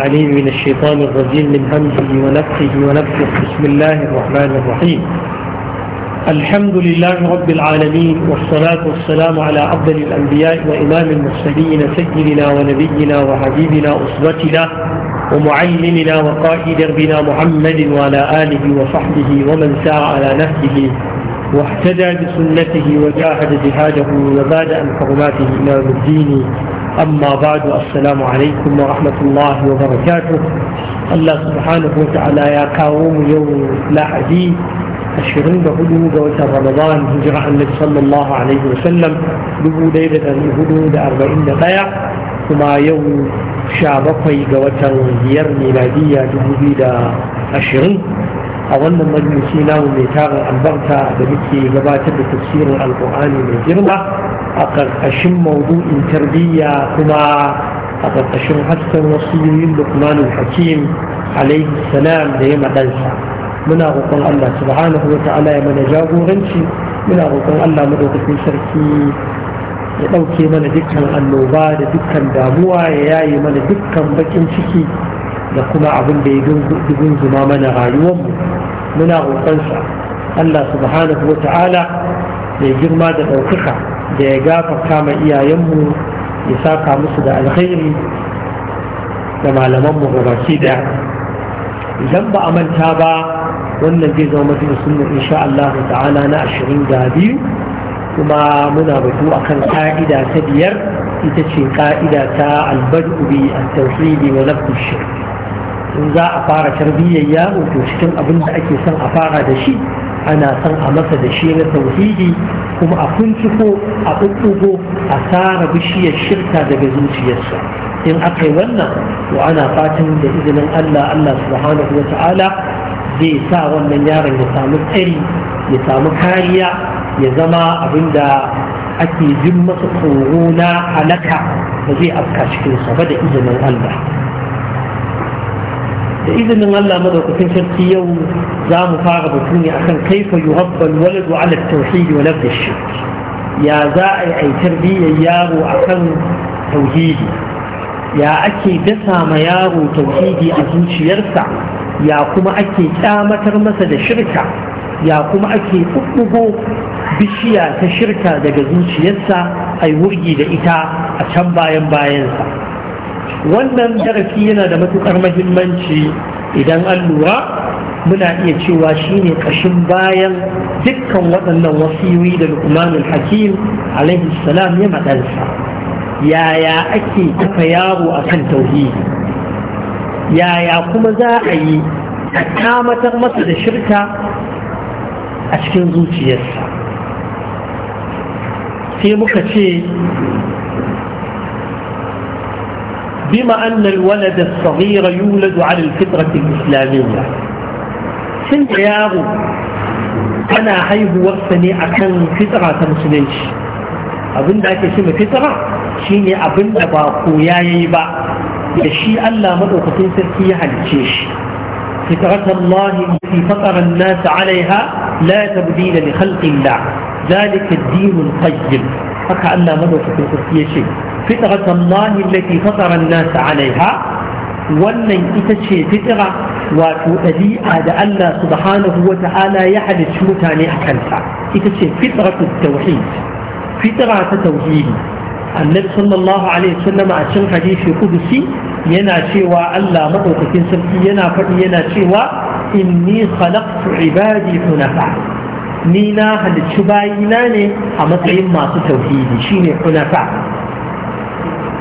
العليم من الشيطان الرجيم من همزه ونفسه ونفسه بسم الله الرحمن الرحيم الحمد لله رب العالمين والصلاة والسلام على أفضل الأنبياء وإمام المرسلين سيدنا ونبينا وحبيبنا أسوتنا ومعلمنا وقائد ربنا محمد وعلى آله وصحبه ومن سعى على نهجه واحتجى بسنته وجاهد جهاده وبادأ بحرماته إلى الدين أما بعد السلام عليكم ورحمة الله وبركاته الله سبحانه وتعالى يا كاوم يوم لا حديث ashirin da hudu ga watan ramadan hijira annabi sallallahu alaihi dubu ɗaya da ɗari hudu da arba'in da ɗaya kuma yau sha bakwai ga watan biyar miladiyya dubu biyu da ashirin a wannan majalisi namu mai tarin albarka da muke gabatar da tafsirin alkur'ani mai girma a ƙarƙashin maudu'in tarbiyya kuma a ƙarƙashin hasken wasiyoyin lukmanul hakim alaihi salam da ya maɗansa muna roƙon allah subhanahu wa ta'ala ya mana jagoranci muna roƙon allah madaukakin sarki ya ɗauke mana dukkan annoba da dukkan damuwa ya yaye mana dukkan baƙin ciki da kuma abin da ya gunzuma mana rayuwarmu muna roƙonsa Allah subhanahu wa ta'ala ya girma da ɗaukaka da ya gafarta ma iyayenmu ya saka musu da alkhairi da malamanmu gabaki da idan ba a manta ba wannan zai zama mafi sunna insha Allah ta'ala na ashirin da biyu kuma muna batu akan ka'ida ta biyar ita ce ka'ida ta albadu bi at-tauhid wa nafsu shirk in za a fara tarbiyyar yaro to cikin abin da ake son a fara da shi ana son a masa da shi na tauhidi kuma a kunciko a ɓuɓɓugo a tsara bishiyar shirka daga zuciyarsa in aka yi wannan to ana fatan da izinin allah allah subhanahu wa ta'ala zai sa wannan yaron ya samu tsari ya samu kariya ya zama abin da ake jin masa tsoro na halaka ba zai afka cikinsa ba da izinin allah da izinin Allah madaukakin sarki yau za mu fara batu ne akan kaifa yuhabbal waladu ala tauhidi wa lafda shirk ya za a yi aitar biyan yaro akan tauhidi ya ake dasa ma yaro tauhidi a zuciyarsa ya kuma ake kyamatar masa da shirka ya kuma ake ɓuɓɓugo bishiya ta shirka daga zuciyarsa ai wurgi da ita a can bayan bayansa wannan darasi yana da matukar mahimmanci idan an lura muna iya cewa shine kashin bayan dukkan waɗannan wasiwi da lukmanul hakim alaihi salam ya maɗansa yaya ake kafa yaro a kan tauhidi yaya kuma za a yi a kamatar masa da shirka a cikin zuciyarsa sai muka ce بما أن الولد الصغير يولد على الفطرة الإسلامية سنت أبو أنا حيث وقتني أكن فطرة مسلمش أبن دا اسم فطرة شيني أبن دا يا يبا يشي ألا مدوقتين سركي حلتشيش فطرة الله التي فطر الناس عليها لا تبديل لخلق الله ذلك الدين القيم فكأن مدوقتين سركي شيء فطرة الله التي فطر الناس عليها wannan ita ce fitira wato ɗabi'a da Allah subhanahu wa ta'ala ya halicci mutane a kanta ita ce fitira ta tauhid fitira ta tauhidi annabi sallallahu alaihi wasallam a cikin hadisi kudusi yana cewa Allah madaukakin sarki yana faɗi yana cewa inni khalaqtu ibadi hunafa ni na halicci bayina ne a matsayin masu tauhidi shine hunafa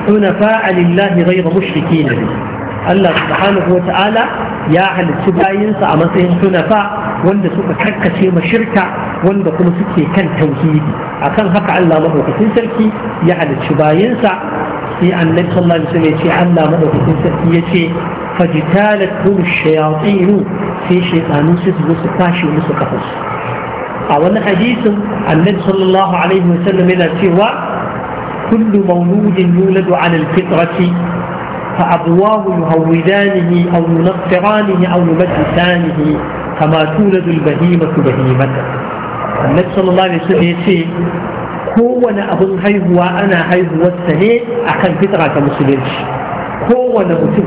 حنفاء لله غير مشركين به Allah subhanahu wa ta'ala ya halicci bayansa a matsayin tunafa wanda suka karkace ma shirka wanda kuma suke kan tauhidi akan haka Allah madaukakin sarki ya halicci bayansa sai annabi sallallahu alaihi wasallam ya sarki ya ce fajitalat hum shayatin sai shaytanu su zo su tashi musu a wani hadisin annabi sallallahu alaihi yana cewa كل مولود يولد على الفطرة فأبواه يهودانه أو ينفرانه أو يمجسانه كما تولد البهيمة بهيمة النبي صلى الله عليه وسلم يقول هو أنا أظن هاي هو أنا هاي هو السنة أخي فطرة كمسلمين هو أنا أظن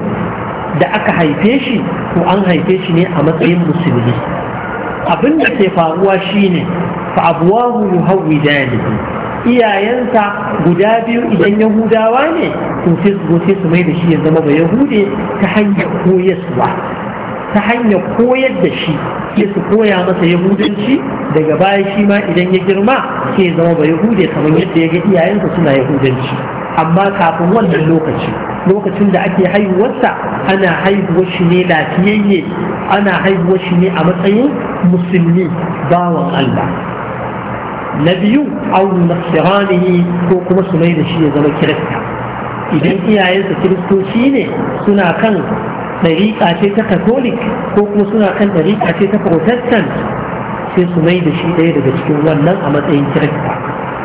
da aka haife shi ko an haife shi ne a matsayin musulmi abin da ke faruwa shine fa abuwahu yuhawwidani iyayensa guda biyu idan yahudawa ne to sai su mai da shi ya zama ba yahude ta hanyar koyaswa ta hanyar koyar da shi sai su koya masa yahudanci daga baya shi ma idan ya girma sai ya zama ba yahude kamar yadda ya ga iyayensa suna yahudanci amma kafin wannan lokaci lokacin da ake haihuwarsa ana haihuwar shi ne lafiyayye ana haihuwar shi ne a matsayin musulmi bawan Allah na biyu au nasiranihi ko kuma su mai da shi ya zama kirista idan iyayensa kiristoci ne suna kan ɗariƙa ce ta katolik ko kuma suna kan ɗariƙa ce ta protestant sai su mai da shi ɗaya daga cikin wannan a matsayin kirista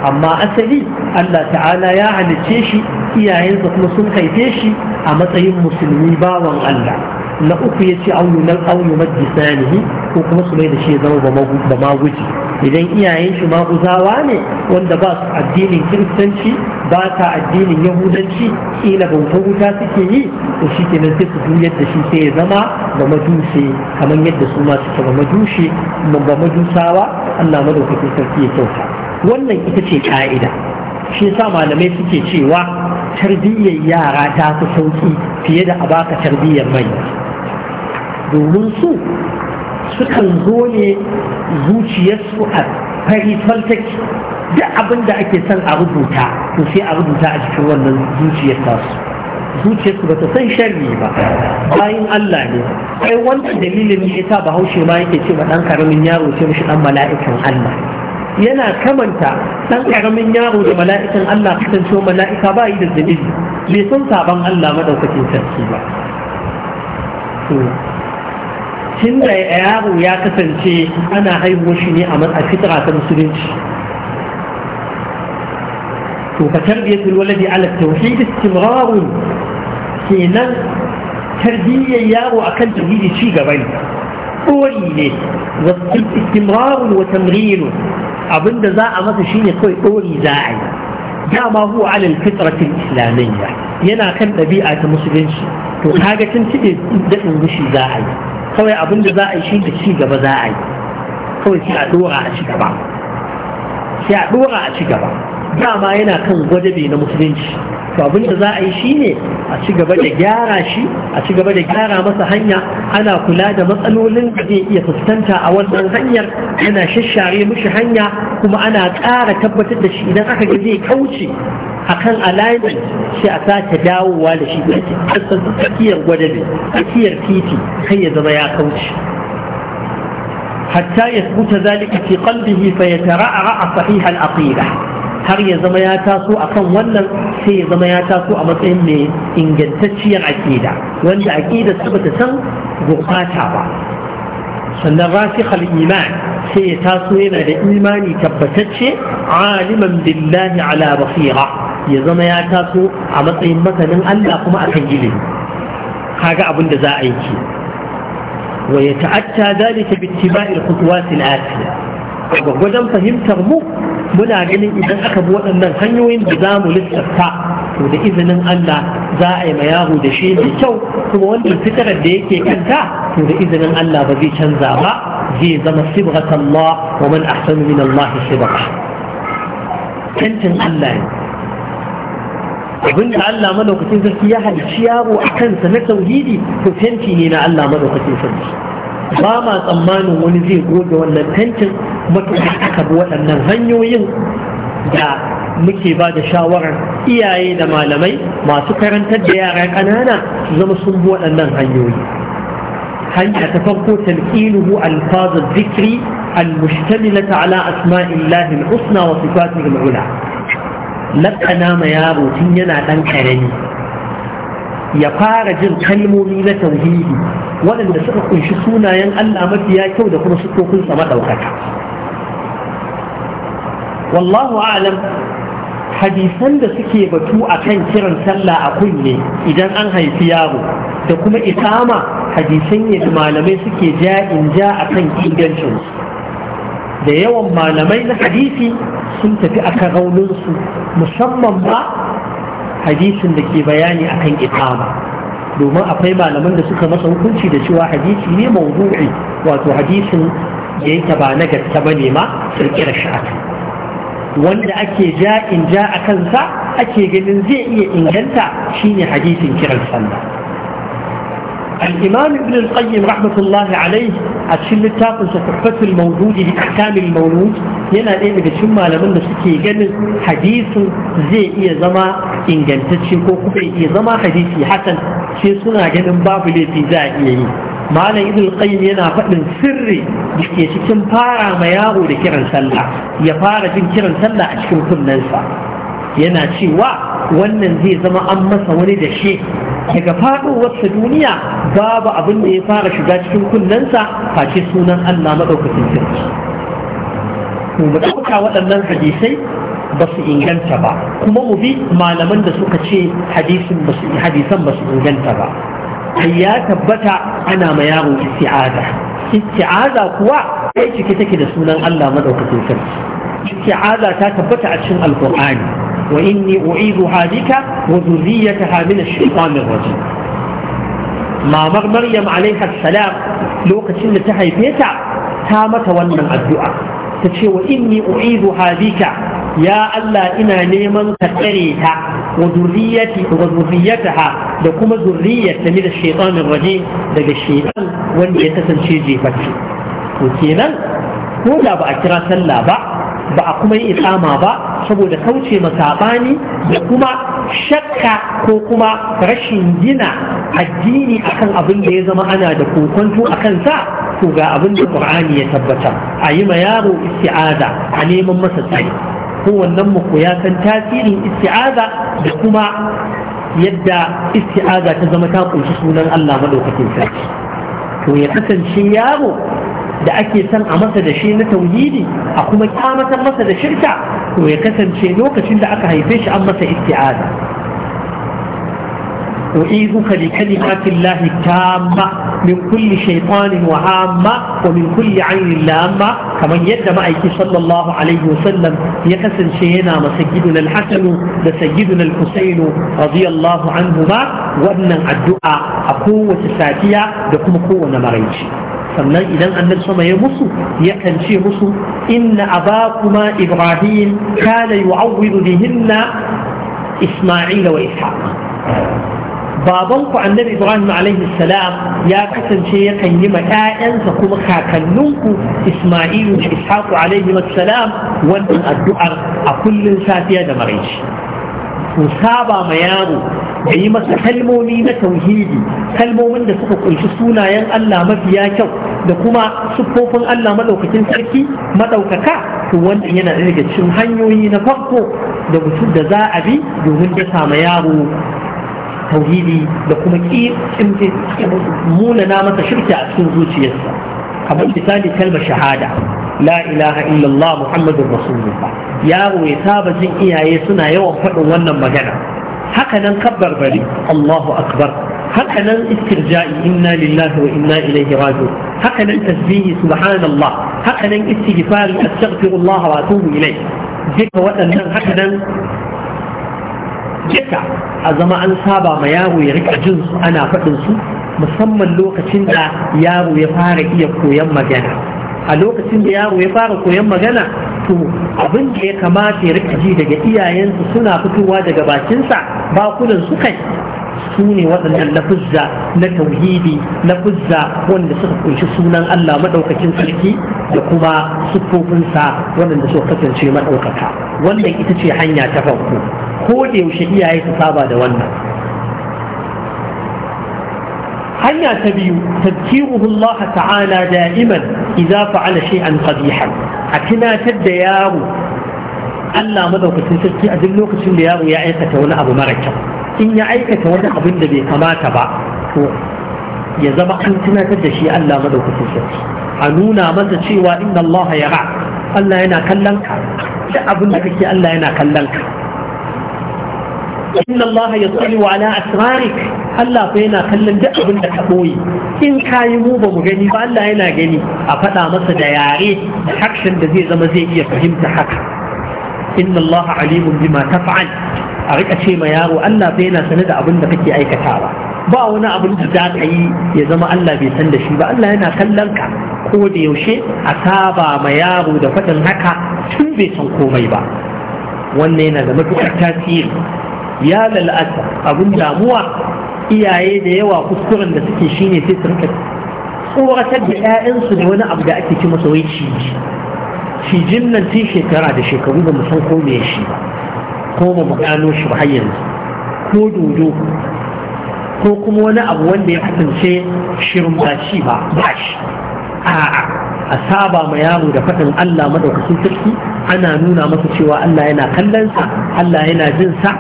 amma asali Allah ta'ala ya halicce shi iyayensa kuma sun haife shi a matsayin musulmi bawan Allah na uku ya ce auyu nan auyu majisanihi ko kuma su mai da shi zama ba maguji idan iyayen shi maguzawa ne wanda ba su addinin kiristanci ba ta addinin yahudanci kila bautar wuta suke yi to shi nan sai su juyar da shi sai ya zama ba majuse kamar yadda su ma suke ba majushe ba majusawa Allah madaukakin sarki ya kyauta wannan ita ce ka'ida shi yasa malamai suke cewa tarbiyyar yara ta fi sauki fiye da a baka tarbiyyar manya domin su sukan zo ne zuciyarsu a fari faltaki duk abin da ake son a rubuta to sai a rubuta a cikin wannan zuciyar tasu zuciyarsu ba ta san sharri ba bayan Allah ne sai wannan dalilin ne yasa bahaushe ma yake ce ma dan karamin yaro ce mishi dan mala'ikan Allah yana kamanta dan karamin yaro da mala'ikan Allah kasancewa mala'ika ba yi da zunubi bai san saban Allah madaukakin sarki ba tun da yaro ya kasance ana haihuwa shi ne a fitra ta musulunci to ka tarbiyatul waladi ala tauhid istimrar kenan tarbiyyar yaro akan tauhidi ci gaba ne dori ne wasu istimrar wa tamrin abinda za a masa shine kawai dori za a yi dama huwa ala fitratil islamiyya yana kan ɗabi'a ta musulunci to kaga tun cike daɗin gushi za a yi kawai abin da za a yi shi da ci gaba za a yi kawai sai a dora a ci gaba sai a dora a ci gaba dama yana kan gwadabe na musulunci abin da za a yi shine a ci gaba da gyara shi a ci gaba da gyara masa hanya ana kula da matsalolin da zai iya fuskanta a wannan hanyar ana shashare mishi hanya kuma ana ƙara tabbatar da shi idan aka ga zai kauce akan alignment shi a sake dawowa da shi tsakiyar gwadabe tsakiyar titi kai ya zama ya kauce hatta ya tsuta zalika fi qalbihi fa yatara'ra sahih al-aqida har ya zama ya taso akan wannan sai ya zama ya taso a matsayin mai ingantacciyar aƙida wanda aƙida su bata san gurɓata ba sannan rasikhal iman sai ya taso yana da imani tabbatacce aliman billahi ala basira ya zama ya taso a matsayin masanin Allah kuma akan ilimi kaga abin da za a yi ke wa ya ta'atta dalika bi ittiba'il khutuwat al-atiya gwagwadon fahimtar mu muna ganin idan aka bi waɗannan hanyoyin da za mu lissafta to da izinin Allah za a yi ma yaro da shi mai kyau kuma wannan fitarar da yake kanta to da izinin Allah ba zai canza ba zai zama sibghat Allah wa man ahsanu min Allah sibgha tantin Allah ne abin da Allah madaukakin sarki ya halicci yaro a kansa na tauhidi to fenti ne na Allah madaukakin sarki ba ma tsammanin wani zai goge wannan tantin matuƙa aka bi waɗannan hanyoyin da muke ba da shawarar iyaye da malamai masu karantar da yara ƙanana su zama sun bi waɗannan hanyoyi hanya ta farko talqinuhu alfazul zikri المشتملة على أسماء wa الحسنى وصفاته العلى لقنا ما يارو yana dan كرني Ya fara jin kalmomi na tauhidi waɗanda suka kunshi sunayen Allah mafiya kyau da kuma sukokin sa madaukaka wallahu alam hadisan da suke batu a kan kiran sallah a kunne idan an haifi yaro da kuma ikama hadisan ne malamai suke ja in ja a kan ingancin da yawan malamai na hadisi sun tafi a kan musamman ba hadisin da ke bayani a kan ikama domin akwai malaman da suka masa hukunci da cewa hadisi ne mawdu'i wato hadisin da yake ba na gaske ba ne ma kirkirar shi wanda ake ja inja ja a kansa ake ganin zai iya inganta shine hadisin kiran sallah الإمام ابن القيم رحمة الله عليه أتشل التاقل تحفة المولود لأحكام المولود yana ɗaya daga cikin malaman da suke ganin hadisin zai iya zama ingantacce ko kuma iya zama hadisi Hassan, sai suna ganin babu laifi za a iya yi malam ibn qayyim yana faɗin sirri da ke cikin fara ma yaro da kiran sallah ya fara jin kiran sallah a cikin kunnensa yana cewa wannan zai zama an masa wani da shi daga faɗowarsa duniya babu abin da ya fara shiga cikin kunnensa face sunan Allah maɗaukacin sarki mu ɗauka waɗannan hadisai ba su inganta ba kuma mu bi malaman da suka ce hadisan ba su inganta ba ai ya tabbata ana ma yaro isti'aza isti'aza kuwa ai ciki take da sunan Allah madaukakin sarki isti'aza ta tabbata a cikin alqur'ani wa inni u'iduha bika wa dhurriyyataha min ash-shaytanir rajim mamar maryam alaiha salam lokacin da ta haife ta ta mata wannan addu'a ta ce wa inni u'iduha bika ya Allah ina neman ka tsare ta wa zurriyati wa zurriyataha da kuma zurriyarta min ash-shaytanir rajim daga shaytan wanda ya kasance jefacce to kenan ko da ba a kira sallah ba ba a kuma yi isama ba saboda kauce masabani da kuma shakka ko kuma rashin gina addini akan abin da ya zama ana da kokonto akan sa ko ga abin da Qur'ani ya tabbata a yi ma yaro isti'ada a neman masa tsari kowannen mu ya san tasirin isti'aza da kuma yadda isti'aza ta zama ta kunshi sunan Allah madaukakin sarki to ya kasance yaro da ake son a masa da shi na tauhidi a kuma kyamatar masa da shirka to ya kasance lokacin da aka haife shi an masa isti'aza أعيذك بكلمات الله التامة من كل شيطان وعامة ومن كل عين لامة كما يدم أيك صلى الله عليه وسلم يكسن شينا ما سيدنا الحسن لسيدنا الحسين رضي الله عنهما وأن الدعاء أقوة ساتية لكم قوة مريج sannan idan annabi sama ya musu yakan ce musu inna abakuma ibrahim kana yu'awwidu bihinna isma'ila wa ishaq baban ku annabi ibrahim alaihi salam ya kasance yakan yi ma 'ya'yansa kuma kakanninku isma'ilu da ishaqu alaihi salam wannan addu'ar a kullun safiya da maraici ku saba ma yaro da yi masa kalmomi na tauhidi kalmomin da suka kunshi sunayen Allah mafiya kyau da kuma siffofin Allah madaukakin sarki madaukaka to wannan yana daga cikin hanyoyi na farko da mutum da za a bi domin dasa ma yaro tauhidi da kuma munana masa shirka a cikin zuciyarsa kamar misali kalmar shahada la ilaha illallah muhammadur rasulullah yaro ya saba jin iyaye suna yawan faɗin wannan magana haka nan kabbar allahu akbar haka nan istirja'i inna lillahi wa inna ilaihi raji'un haka nan tasbihi subhanallah haka nan istighfari astaghfirullah wa atubu ilayh duka waɗannan haka nan jika a zama an saba ma yaro ya rika jin su ana faɗin su musamman lokacin da yaro ya fara iya koyan magana a lokacin da yaro ya fara koyan magana to abin da ya kamata ya rika ji daga iyayensu suna fitowa daga bakinsa bakunan su kai su ne waɗannan lafuzza na tauhidi lafuzza wanda suka kunshi sunan Allah maɗaukakin sarki da kuma siffofinsa waɗanda suka kasance maɗaukaka wannan ita ce hanya ta farko ko da yaushe iyaye su saba da wannan hanya ta biyu tadkiruhu Allah ta'ala da'iman idza fa'ala shay'an qabihan a tunatar da yaro Allah madaukakin sarki a duk lokacin da yaro ya aikata wani abu mara kyau in ya aikata wani abin da bai kamata ba to ya zama an tunatar da shi Allah madaukakin sarki a nuna masa cewa inna Allah ya yara Allah yana kallon ka da abin da kake Allah yana kallon ka inna Allah ya yasali wa ala asrarik Allah fa yana kallon duk abin da ka boye in ka yi mu ba mu gani ba Allah yana gani a faɗa masa da yare da harshen da zai zama zai iya fahimta haka inna Allah alimun bima taf'al a rika ce ma yaro Allah fa yana sanar da abin da kake aikatawa ba wani abin da za ka yi ya zama Allah bai san da shi ba Allah yana kallon ka ko da yaushe a saba ma yaro da faɗin haka tun bai san komai ba wannan yana da matuƙar tasiri ya lalata abin damuwa iyaye da yawa kuskuren da suke shine sai su rika tsoratar da 'ya'yansu da wani abu da ake ci masa wai ciji cijin nan tun shekara da shekaru ba mu san ko me shi ba ko ba mu gano shi har yanzu ko dodo ko kuma wani abu wanda ya kasance shirin ba shi ba ba shi a'a a saba ma yaro da faɗin Allah madaukakin sarki ana nuna masa cewa Allah yana kallon sa Allah yana jin sa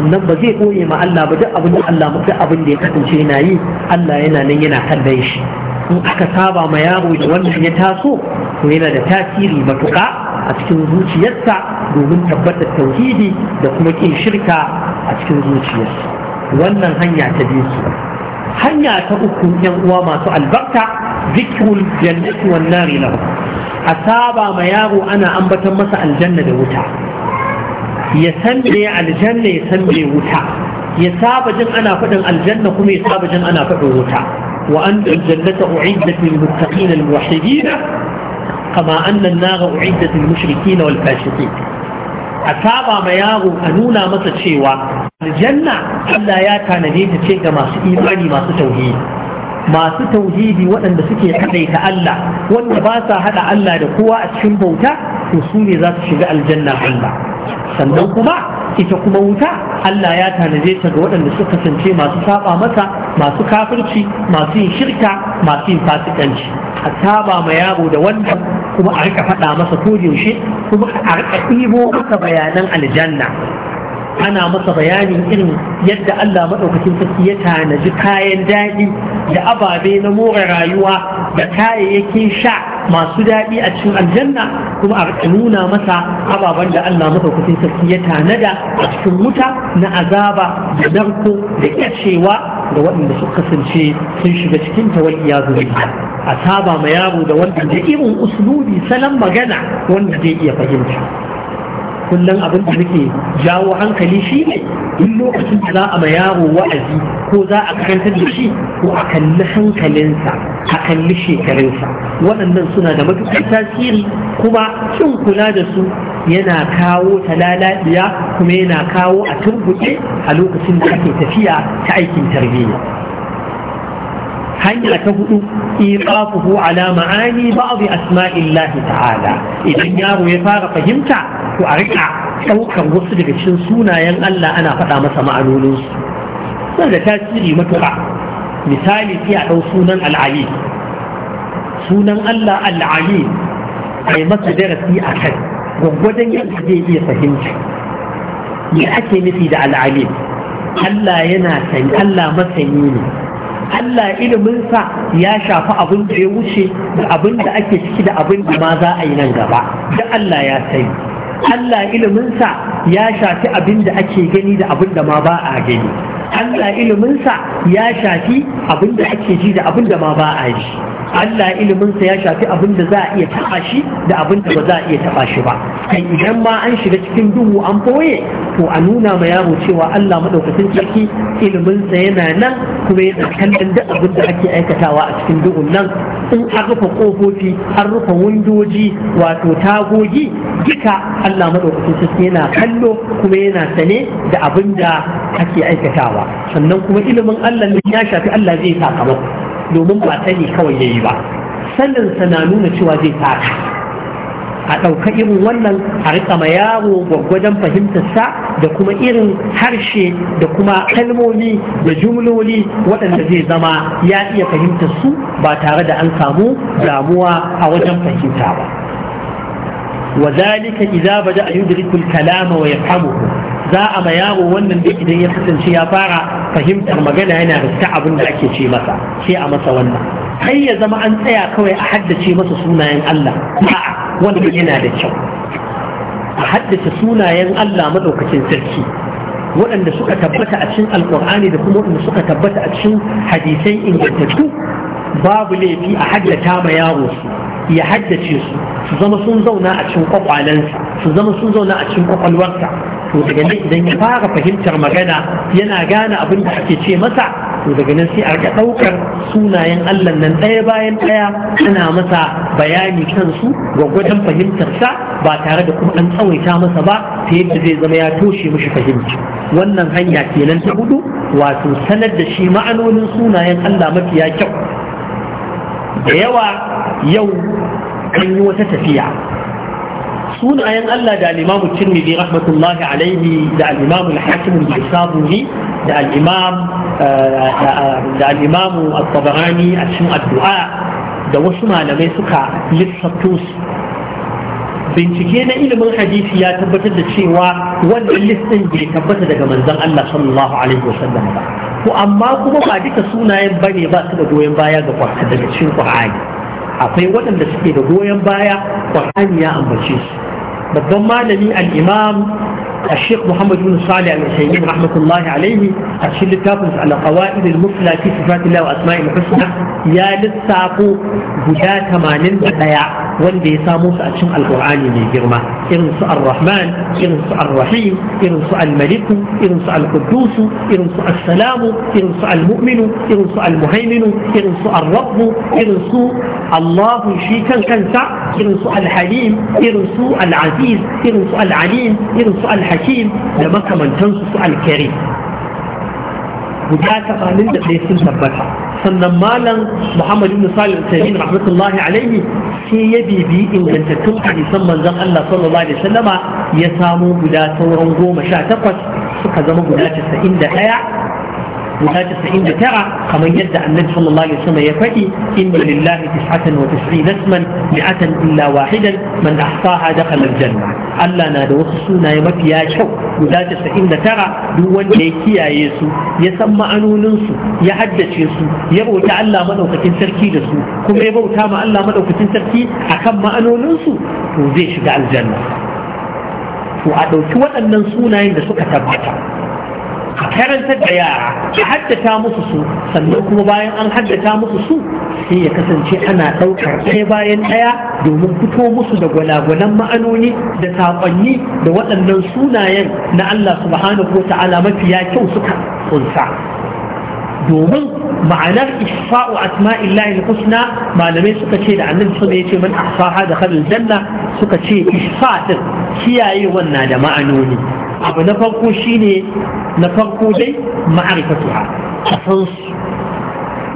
sannan ba zai koye ma Allah ba duk abin da Allah duk abin da ya kasance yana yi Allah yana nan yana kallon shi in aka saba ma yaro da wannan ya taso to yana da tasiri matuƙa a cikin zuciyarsa domin tabbatar tauhidi da kuma ƙin shirka a cikin zuciyarsa wannan hanya ta biyu hanya ta uku yan uwa masu albarka zikrul jannati wan nari lahu a saba ma yaro ana ambatan masa aljanna da wuta ya san me aljanna ya san me wuta ya saba jin ana faɗin aljanna kuma ya saba jin ana faɗin wuta وأن الجنة أعدت للمتقين الموحدين كما أن النار أعدت للمشركين والفاسقين أتابع ما يارو أنونا مسا شيوا الجنة ألا ياتا نجيت شيء ما إيماني ما توحيد ما توحيد وأن سكي حديث ألا وأن باسا هذا ألا لقوة أتشم بوتا وصولي ذات شجاء الجنة الله سنوكما إتكما وتا Allah ya tanaje ta ga waɗanda suka kasance masu saba masa masu kafirci masu yin shirka masu yin fasikanci a saba ma yaro da wannan kuma a rika faɗa masa ko yaushe kuma a rika ɗibo masa bayanan aljanna ana masa bayanin irin yadda Allah maɗaukacin sarki ya tanaji kayan daɗi da ababe na more rayuwa da kayayyakin sha masu daɗi a cikin aljanna kuma a nuna masa ababen da Allah madaukakin sarki ya tanada a cikin wuta na azaba da narko da cewa da waɗanda suka kasance sun shiga cikin tawalliya zuwa a saba ma yaro da wanda da irin usulubi salon magana wanda zai iya fahimta kullum abin da muke jawo hankali shi ne in lokacin da za a ma yaro wa'azi ko za a karantar da shi ko a kalli hankalinsa a kalli shekarunsa waɗannan suna da matuƙar tasiri kuma kin kula da su yana kawo talalaɗiya kuma yana kawo a turbuɗe a lokacin da ake tafiya ta aikin tarbiyya hanya ta hudu iqafuhu ala ma'ani ba'dhi asma'illahi ta'ala idan yaro ya fara fahimta to a rika daukar wasu daga cikin sunayen Allah ana faɗa masa ma'anonin su sai da tasiri matuƙa misali sai a dau sunan al'ali sunan Allah al'ali ai masa darasi a kai gwaggwadon yadda zai iya fahimta me ake nufi da al'ali Allah yana sani Allah masani ne Allah ilimin sa ya shafi abin da ya wuce da abin da ake ciki da abin da ma za a yi nan gaba da Allah ya sani Allah iliminsa ya shafi abin da ake gani da abin da ma ba a gani Allah iliminsa ya shafi abin da ake ji da abin da ma ba a ji Allah iliminsa ya shafi abin da za a iya taɓa shi da abin da ba za a iya taɓa shi ba kai idan ma an shiga cikin duhu an boye to a nuna ma yaro cewa Allah madaukakin sarki iliminsa yana nan kuma yana kallon duk abin da ake aikatawa a cikin duhun nan in an rufe kofofi an rufe windoji wato tagogi duka Allah madaukakin sarki yana kallo kuma yana sane da abin da ake aikatawa sannan kuma ilimin Allah ne ya shafi Allah zai sakamako domin ba sani kawai yayi ba sanin sa na nuna cewa zai saka a ɗauka irin wannan a riƙa ma yaro gwaggwajen fahimtarsa da kuma irin harshe da kuma kalmomi da jumloli waɗanda zai zama ya iya fahimtar su ba tare da an samu damuwa a wajen fahimta ba وذلك إذا بدأ يدرك الكلام ويفهمه za a ma yaro wannan da idan ya kasance ya fara fahimtar magana yana da riska abin da ake ce masa sai a masa wannan sai ya zama an tsaya kawai a haddace masa sunayen Allah a wanda yana da kyau a haddace sunayen Allah maɗaukacin sarki waɗanda suka tabbata a cikin alƙur'ani da kuma waɗanda suka tabbata a cikin hadisai ingantattu babu laifi a haddata ma yaro su ya haddace su su zama sun zauna a cikin kwakwalensa su zama sun zauna a cikin kwakwalwarsa to daga nan idan ya fara fahimtar magana yana gane abin da ake ce masa to daga nan sai a rika ɗaukar sunayen Allah nan ɗaya bayan ɗaya ana masa bayani kansu fahimtar sa ba tare da kuma an tsawaita masa ba ta yadda zai zama ya toshe mishi fahimci wannan hanya kenan ta hudu wato sanar da shi ma'anonin sunayen Allah mafiya kyau da yawa yau an yi wata tafiya sunayen Allah da al-Imam Tirmidhi rahmatullahi alaihi da al-Imam al-Hakim al da al-Imam uh, da al-Imam al-Tabarani a cikin addu'a da wasu malamai suka lissafto bincike na ilimin hadisi ya tabbatar da cewa wannan listin bai tabbata daga manzon Allah sallallahu alaihi wasallam ba ko amma kuma ba duka sunayen bane ba su da goyon baya ga daga cikin Qur'ani akwai waɗanda suke da goyon baya Qur'ani ya ambace su babban malami alimam الشيخ محمد بن صالح العثيمين رحمة الله عليه الشيخ التافز على قواعد المثلى في صفات الله وأسمائه الحسنى يا للساقو بدا تمانين بقيا wanda ya samo su a cikin alkur'ani mai girma irin su ar-rahman irin su ar-rahim irin su al-malik irin su al-quddus irin su as-salamu irin su al irin su irin su Allah shi kansa irin su al-halim irin su al-aziz irin su al-alim irin su al irin su irin su alhakim da makamantansu su alkari guda tamanin da ɗaya sun sannan malam muhammad ibn salih al alaihi sai ya bibi ingantattun hadisan manzon Allah sallallahu alaihi ya samo guda sauran goma sha takwas suka zama guda casa'in da ɗaya guda casa'in da tara kamar yadda annabi sallallahu alaihi wasallam ya faɗi inna lillahi tis'atan wa tis'in isman mi'atan illa wahidan man ahsaha dakhala aljanna Allah na da wasu sunaye mafiya kyau guda casa'in da tara duk wanda ya kiyaye su ya san ma'anonin su ya haddace su ya bauta Allah madaukakin sarki da su kuma ya bauta ma Allah madaukakin sarki akan ma'anonin su to zai shiga aljanna to a ɗauki waɗannan sunayen da suka tabbata a karantar da yara a haddata musu su sannan kuma bayan an haddata musu su sai ya kasance ana ɗaukar ɗaya bayan ɗaya domin fito musu da gwalagwalan ma'anoni da saƙonni da waɗannan sunayen na Allah subhanahu wa ta'ala mafiya kyau suka kunsa domin ma'anar isfa'u asma'illahi husna malamai suka ce da annabi sallallahu alaihi wasallam man ahsaha da khalil janna suka ce isfa'atin kiyaye wannan da ma'anoni abu na farko shine na farko dai ma'arifatuha a san su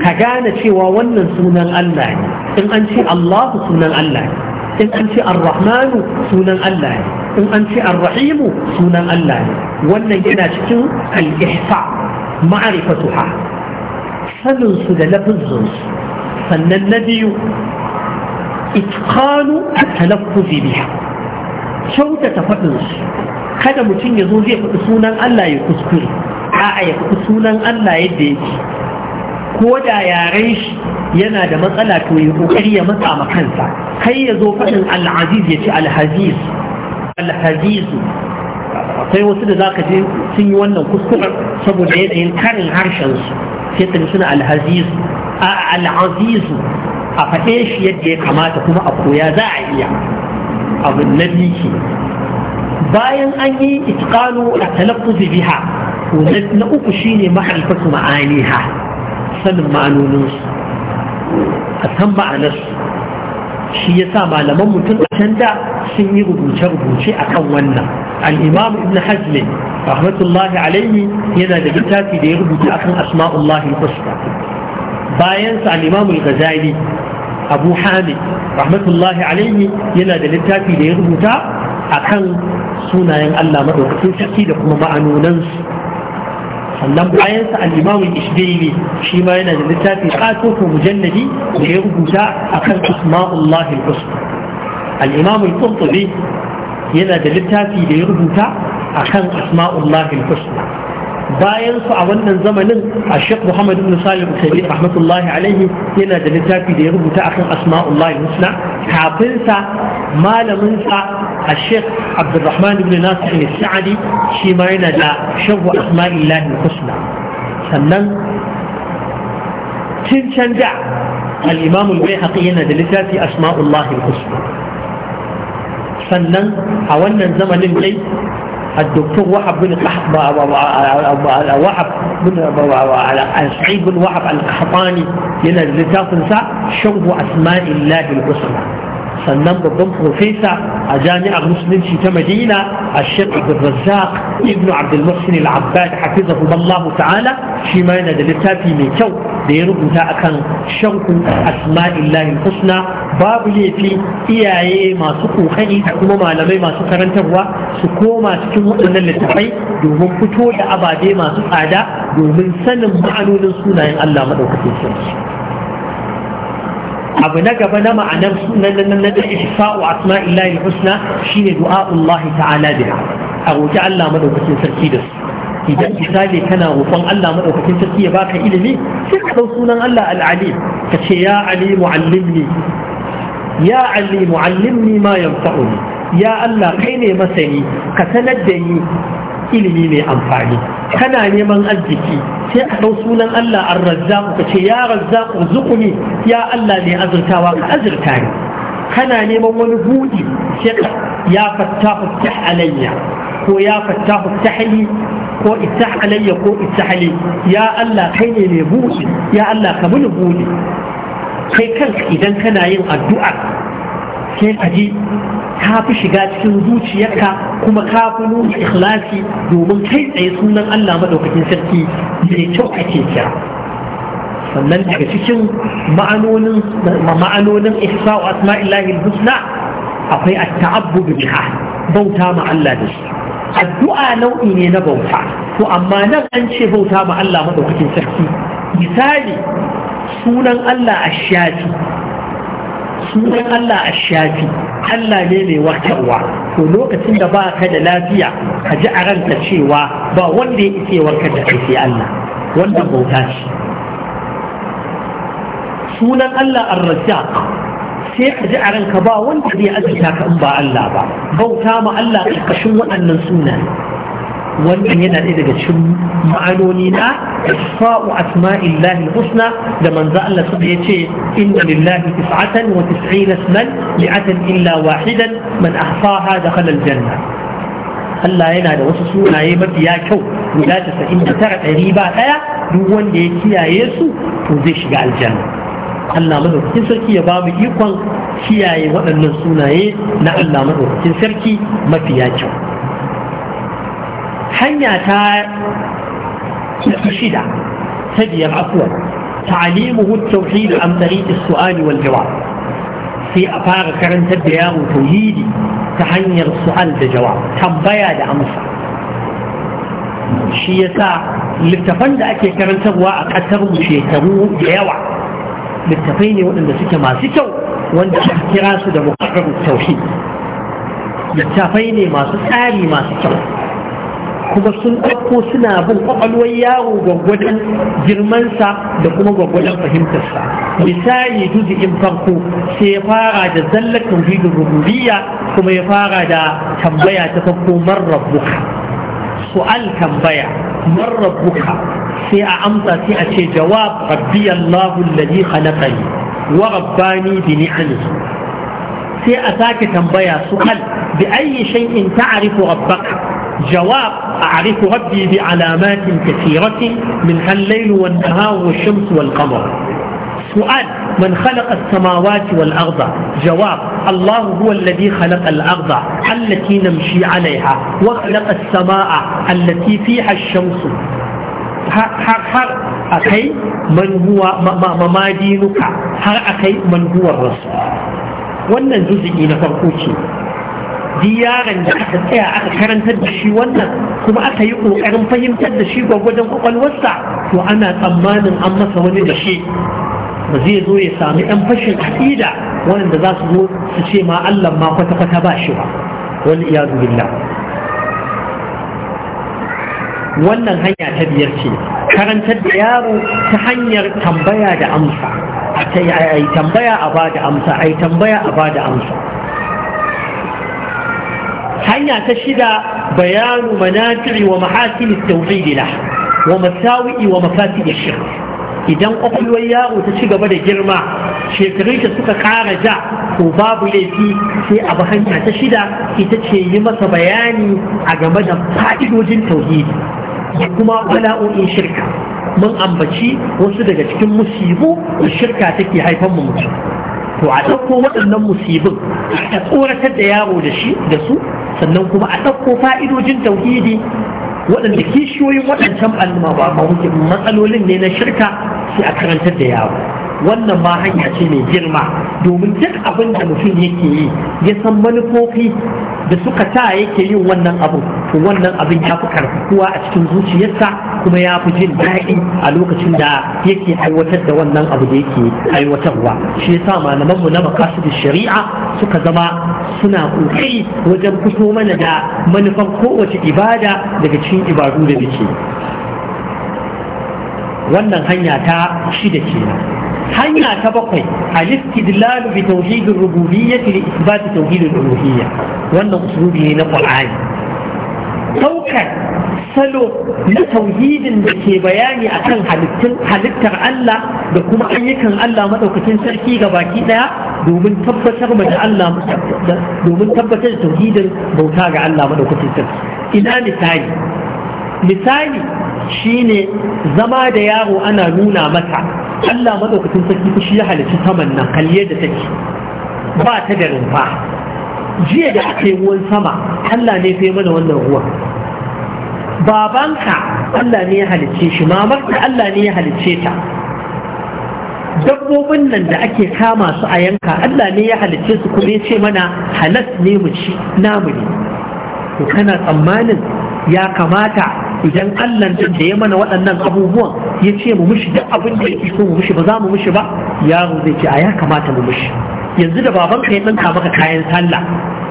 ka gane cewa wannan sunan Allah ne in an ce Allah sunan Allah ne in an ce Ar-Rahmanu sunan Allah ne in an ce Ar-Rahimu sunan Allah ne wannan yana cikin al-ihsa ma'arifatuha sanin su da lafizin su sannan na biyu itqanu at biha kyautata faɗin su kada mutum ya zo zai faɗi sunan Allah ya kuskure a'a ya faɗi sunan Allah yadda yake ko da yaren shi yana da matsala to ya kokari ya matsa ma kansa kai ya zo faɗin al ya ce al-haziz sai akwai wasu da zaka je sun yi wannan kuskuren saboda yanayin karin harshen su sai ta suna al-haziz a al a faɗe shi yadda ya kamata kuma a koya za a iya abin na ke bayan an yi itqanu a talaffuzi biha na uku shine ma'rifatu ma'aniha sanin ma'anoninsu a san ma'anarsu shi ya sa malaman mutum a can da sun yi rubuce-rubuce a kan wannan al'imam ibn hajjmi rahmatullahi alaihi yana da littafi da ya rubuta akan asma'ullahi husna bayan sa al'imam al-ghazali abu hamid rahmatullahi alaihi yana da littafi da ya rubuta akan sunayen Allah maɗaukacin sarki da kuma ma'anonansu sannan bayansa al'imamun ishbili shi ma yana da littafi ƙatoto mujalladi da ya rubuta akan asma'ullahi al-husna al'imamun qurtubi yana da littafi da ya rubuta akan asma'ullahi al-husna bayan su a wannan zamanin a Sheikh Muhammad ibn Salim Usaimi rahmatullahi alaihi yana da littafi da ya rubuta akan asma'ullahi husna kafin sa malamin sa الشيخ عبد الرحمن بن ناصر السعدي شي ما ينادى شر أسماء الله الحسنى سنن تنشن دع الإمام البيهقي ينادى لتاتي أسماء الله الحسنى sannan a wannan zamanin dai الدكتور وحب بن وحب بن سعيد بن وحب القحطاني لنا لتاصل شرب أسماء الله الحسنى sannan babban profesa a jami'ar musulunci ta madina a shek abdulrazzaq ibnu abdulmuhsin al-abbad hafizahu allah ta'ala shi ma yana da littafi mai kyau da ya rubuta akan shanku asma'illahi husna babu laifi iyaye masu kokari da kuma malamai masu karantarwa su koma cikin waɗannan littafai domin fito da ababe masu tsada domin sanin ma'anonin sunayen allah maɗaukakin sarki abu na gaba na ma'anar na da ihsa'u asma'illahi husna shine du'a'ullah ta'ala biha a wuce Allah madaukakin sarki da su idan misali kana roƙon Allah madaukakin sarki ya baka ilimi sai ka dau sunan Allah al-alim ka ce ya ali mu'allimni ya ali mu'allimni ma yanfa'uni ya Allah kai ne masani ka sanar da ni ilimi mai amfani kana neman arziki sai a ɗau sunan Allah an razzaku ka ce ya razzaku zukuni ya Allah ne azurtawa ka azurta ni kana neman wani buɗi sai ka ya fattahu tah alayya ko ya fattahu tahli ko ittah alayya ko ittahli ya Allah kai ne mai buɗi ya Allah ka mini buɗi kai kanka idan kana yin addu'a sai ka ji ka fi shiga cikin zuciyarka kuma ka fi nuna ikhlasi domin kai tsaye sunan Allah maɗaukakin sarki mai kyau ake kira sannan daga cikin ma'anonin ma'anonin ihsa'u asma'illahi al-husna akwai at-ta'abbud biha bauta ma Allah da shi addu'a nau'i ne na bauta to amma nan an ce bauta ma Allah maɗaukakin sarki misali sunan Allah ash-shafi sunan Allah ashafi Allah ne mai warkarwa to lokacin da ba ka da lafiya ka ji a ranka cewa ba wanda ya isa warkar da kai sai Allah wanda bauta shi. sunan Allah ar-razzaq sai ka ji a ranka ba wanda zai azurta ka in ba Allah ba bauta ma Allah ƙarƙashin waɗannan sunan wannan yana ɗaya daga cikin ma'anoni na isfa'u asma'illahi husna da manzo Allah su ya ce inna lillahi tis'atan wa tis'ina isman li'atan illa wahidan man ahsaha dakhala aljanna Allah yana da wasu sunaye mafiya kyau guda 99 ba ɗaya duk wanda ya kiyaye su to zai shiga aljanna Allah madaukakin sarki ya babu ikon kiyaye waɗannan sunaye na Allah madaukakin sarki mafiya kyau hanya ta shida ta biyar afuwa ta'alimuhu at-tauhid an tariq as-su'al wal jawab sai a fara karantar da yaro tauhidi ta hanyar su'al da jawab tambaya da amsa shi yasa littafan da ake karantarwa a ƙasar mu shekaru da yawa littafai ne waɗanda suke masu kyau wanda aka kira su da muqarrar tauhid littafai ne masu tsari masu kyau kuma sun ɗauko suna bin ƙwaƙwalwar yaro gwagwadon girmansa da kuma gwagwadon fahimtarsa misali in farko sai ya fara da zallar tauhidin rububiyya kuma ya fara da tambaya ta farko man rabbuka su'al tambaya man rabbuka sai a amsa sai a ce jawab rabbi Allahu alladhi khalaqani wa rabbani bi ni'amihi sai a sake tambaya su'al bi ayyi shay'in ta'rifu rabbaka جواب أعرف ربي بعلامات كثيرة منها الليل والنهار والشمس والقمر سؤال من خلق السماوات والأرض جواب الله هو الذي خلق الأرض التي نمشي عليها وخلق السماء التي فيها الشمس har har أخي من هو ما دينك akai أخي من هو الرسول juzu'i na إلى فرقوتي duk da aka tsaya aka karantar da shi wannan kuma aka yi ƙoƙarin fahimtar da shi gwagwajen kwakwalwarsa to ana tsammanin an masa wani da shi ba zai zo ya sami ɗan fashin aƙida wanda za su zo su ce ma Allah ma kwata-kwata ba shi ba wani iyazu billah wannan hanya ta biyar ce karantar da yaro ta hanyar tambaya da amsa a tambaya a ba da amsa a tambaya a ba da amsa hanya ta shida bayanu manafi'i wa mahasin tauhidi la wa masawi'i wa mafasid shirk idan kwakwalwar yaro ta ci gaba da girma shekarunta suka kara ja ko babu laifi sai abu hanya ta shida ita ce yi masa bayani a game da fa'idojin tauhidi da kuma bala'o'in shirka mun ambaci wasu daga cikin musibu da shirka take haifan mu mutum to a ɗauko waɗannan musibin a tsoratar da yaro da shi da su sannan kuma a ɗauko fa'idojin tauhidi waɗanda kishiyoyin waɗancan al'umma ba matsalolin ne na shirka sai a karantar da yaro wannan ma hanya ce mai girma domin duk abin da mutum yake yi ya san manufofi da suka ta yake yin wannan abu to wannan abin ya fi karfafuwa a cikin zuciyarsa kuma ya fi jin daɗi a lokacin da yake aiwatar da wannan abu da yake aiwatarwa shi yasa malaman mu na makasudin shari'a suka zama suna kokari wajen fito mana da manufan kowace ibada daga cikin ibadu da muke wannan hanya ta shida kenan hanya ta bakwai al-istidlal bi tauhid ar-rububiyyah li isbat tauhid al-uluhiyyah wannan usulubi ne na Qur'ani saukar salo na tauhidin da ke bayani akan halittun halittar Allah da kuma ayyukan Allah madaukakin sarki ga baki daya domin tabbatar da Allah domin tabbatar da tauhidin bauta ga Allah madaukakin sarki ina misali misali shine zama da yaro ana nuna mata Allah maɗaukacin sarki shi ya halarci saman nan kalle da take ba ta da rumfa jiya da aka yi ruwan sama Allah ne sai mana wannan ruwa babanka Allah ne ya halicce shi mamarka Allah ne ya halicce ta dabbobin nan da ake kama su a yanka Allah ne ya halicce su kuma ya ce mana halas ne mu ci namu ne to kana tsammanin ya kamata Idan Allah din da ya mana waɗannan abubuwan ya ce mu mushi duk abin da yake so mu mushi ba za mu mushi ba yaro zai ce a ya kamata mu mushi yanzu da baban ka ya tsinka maka kayan sallah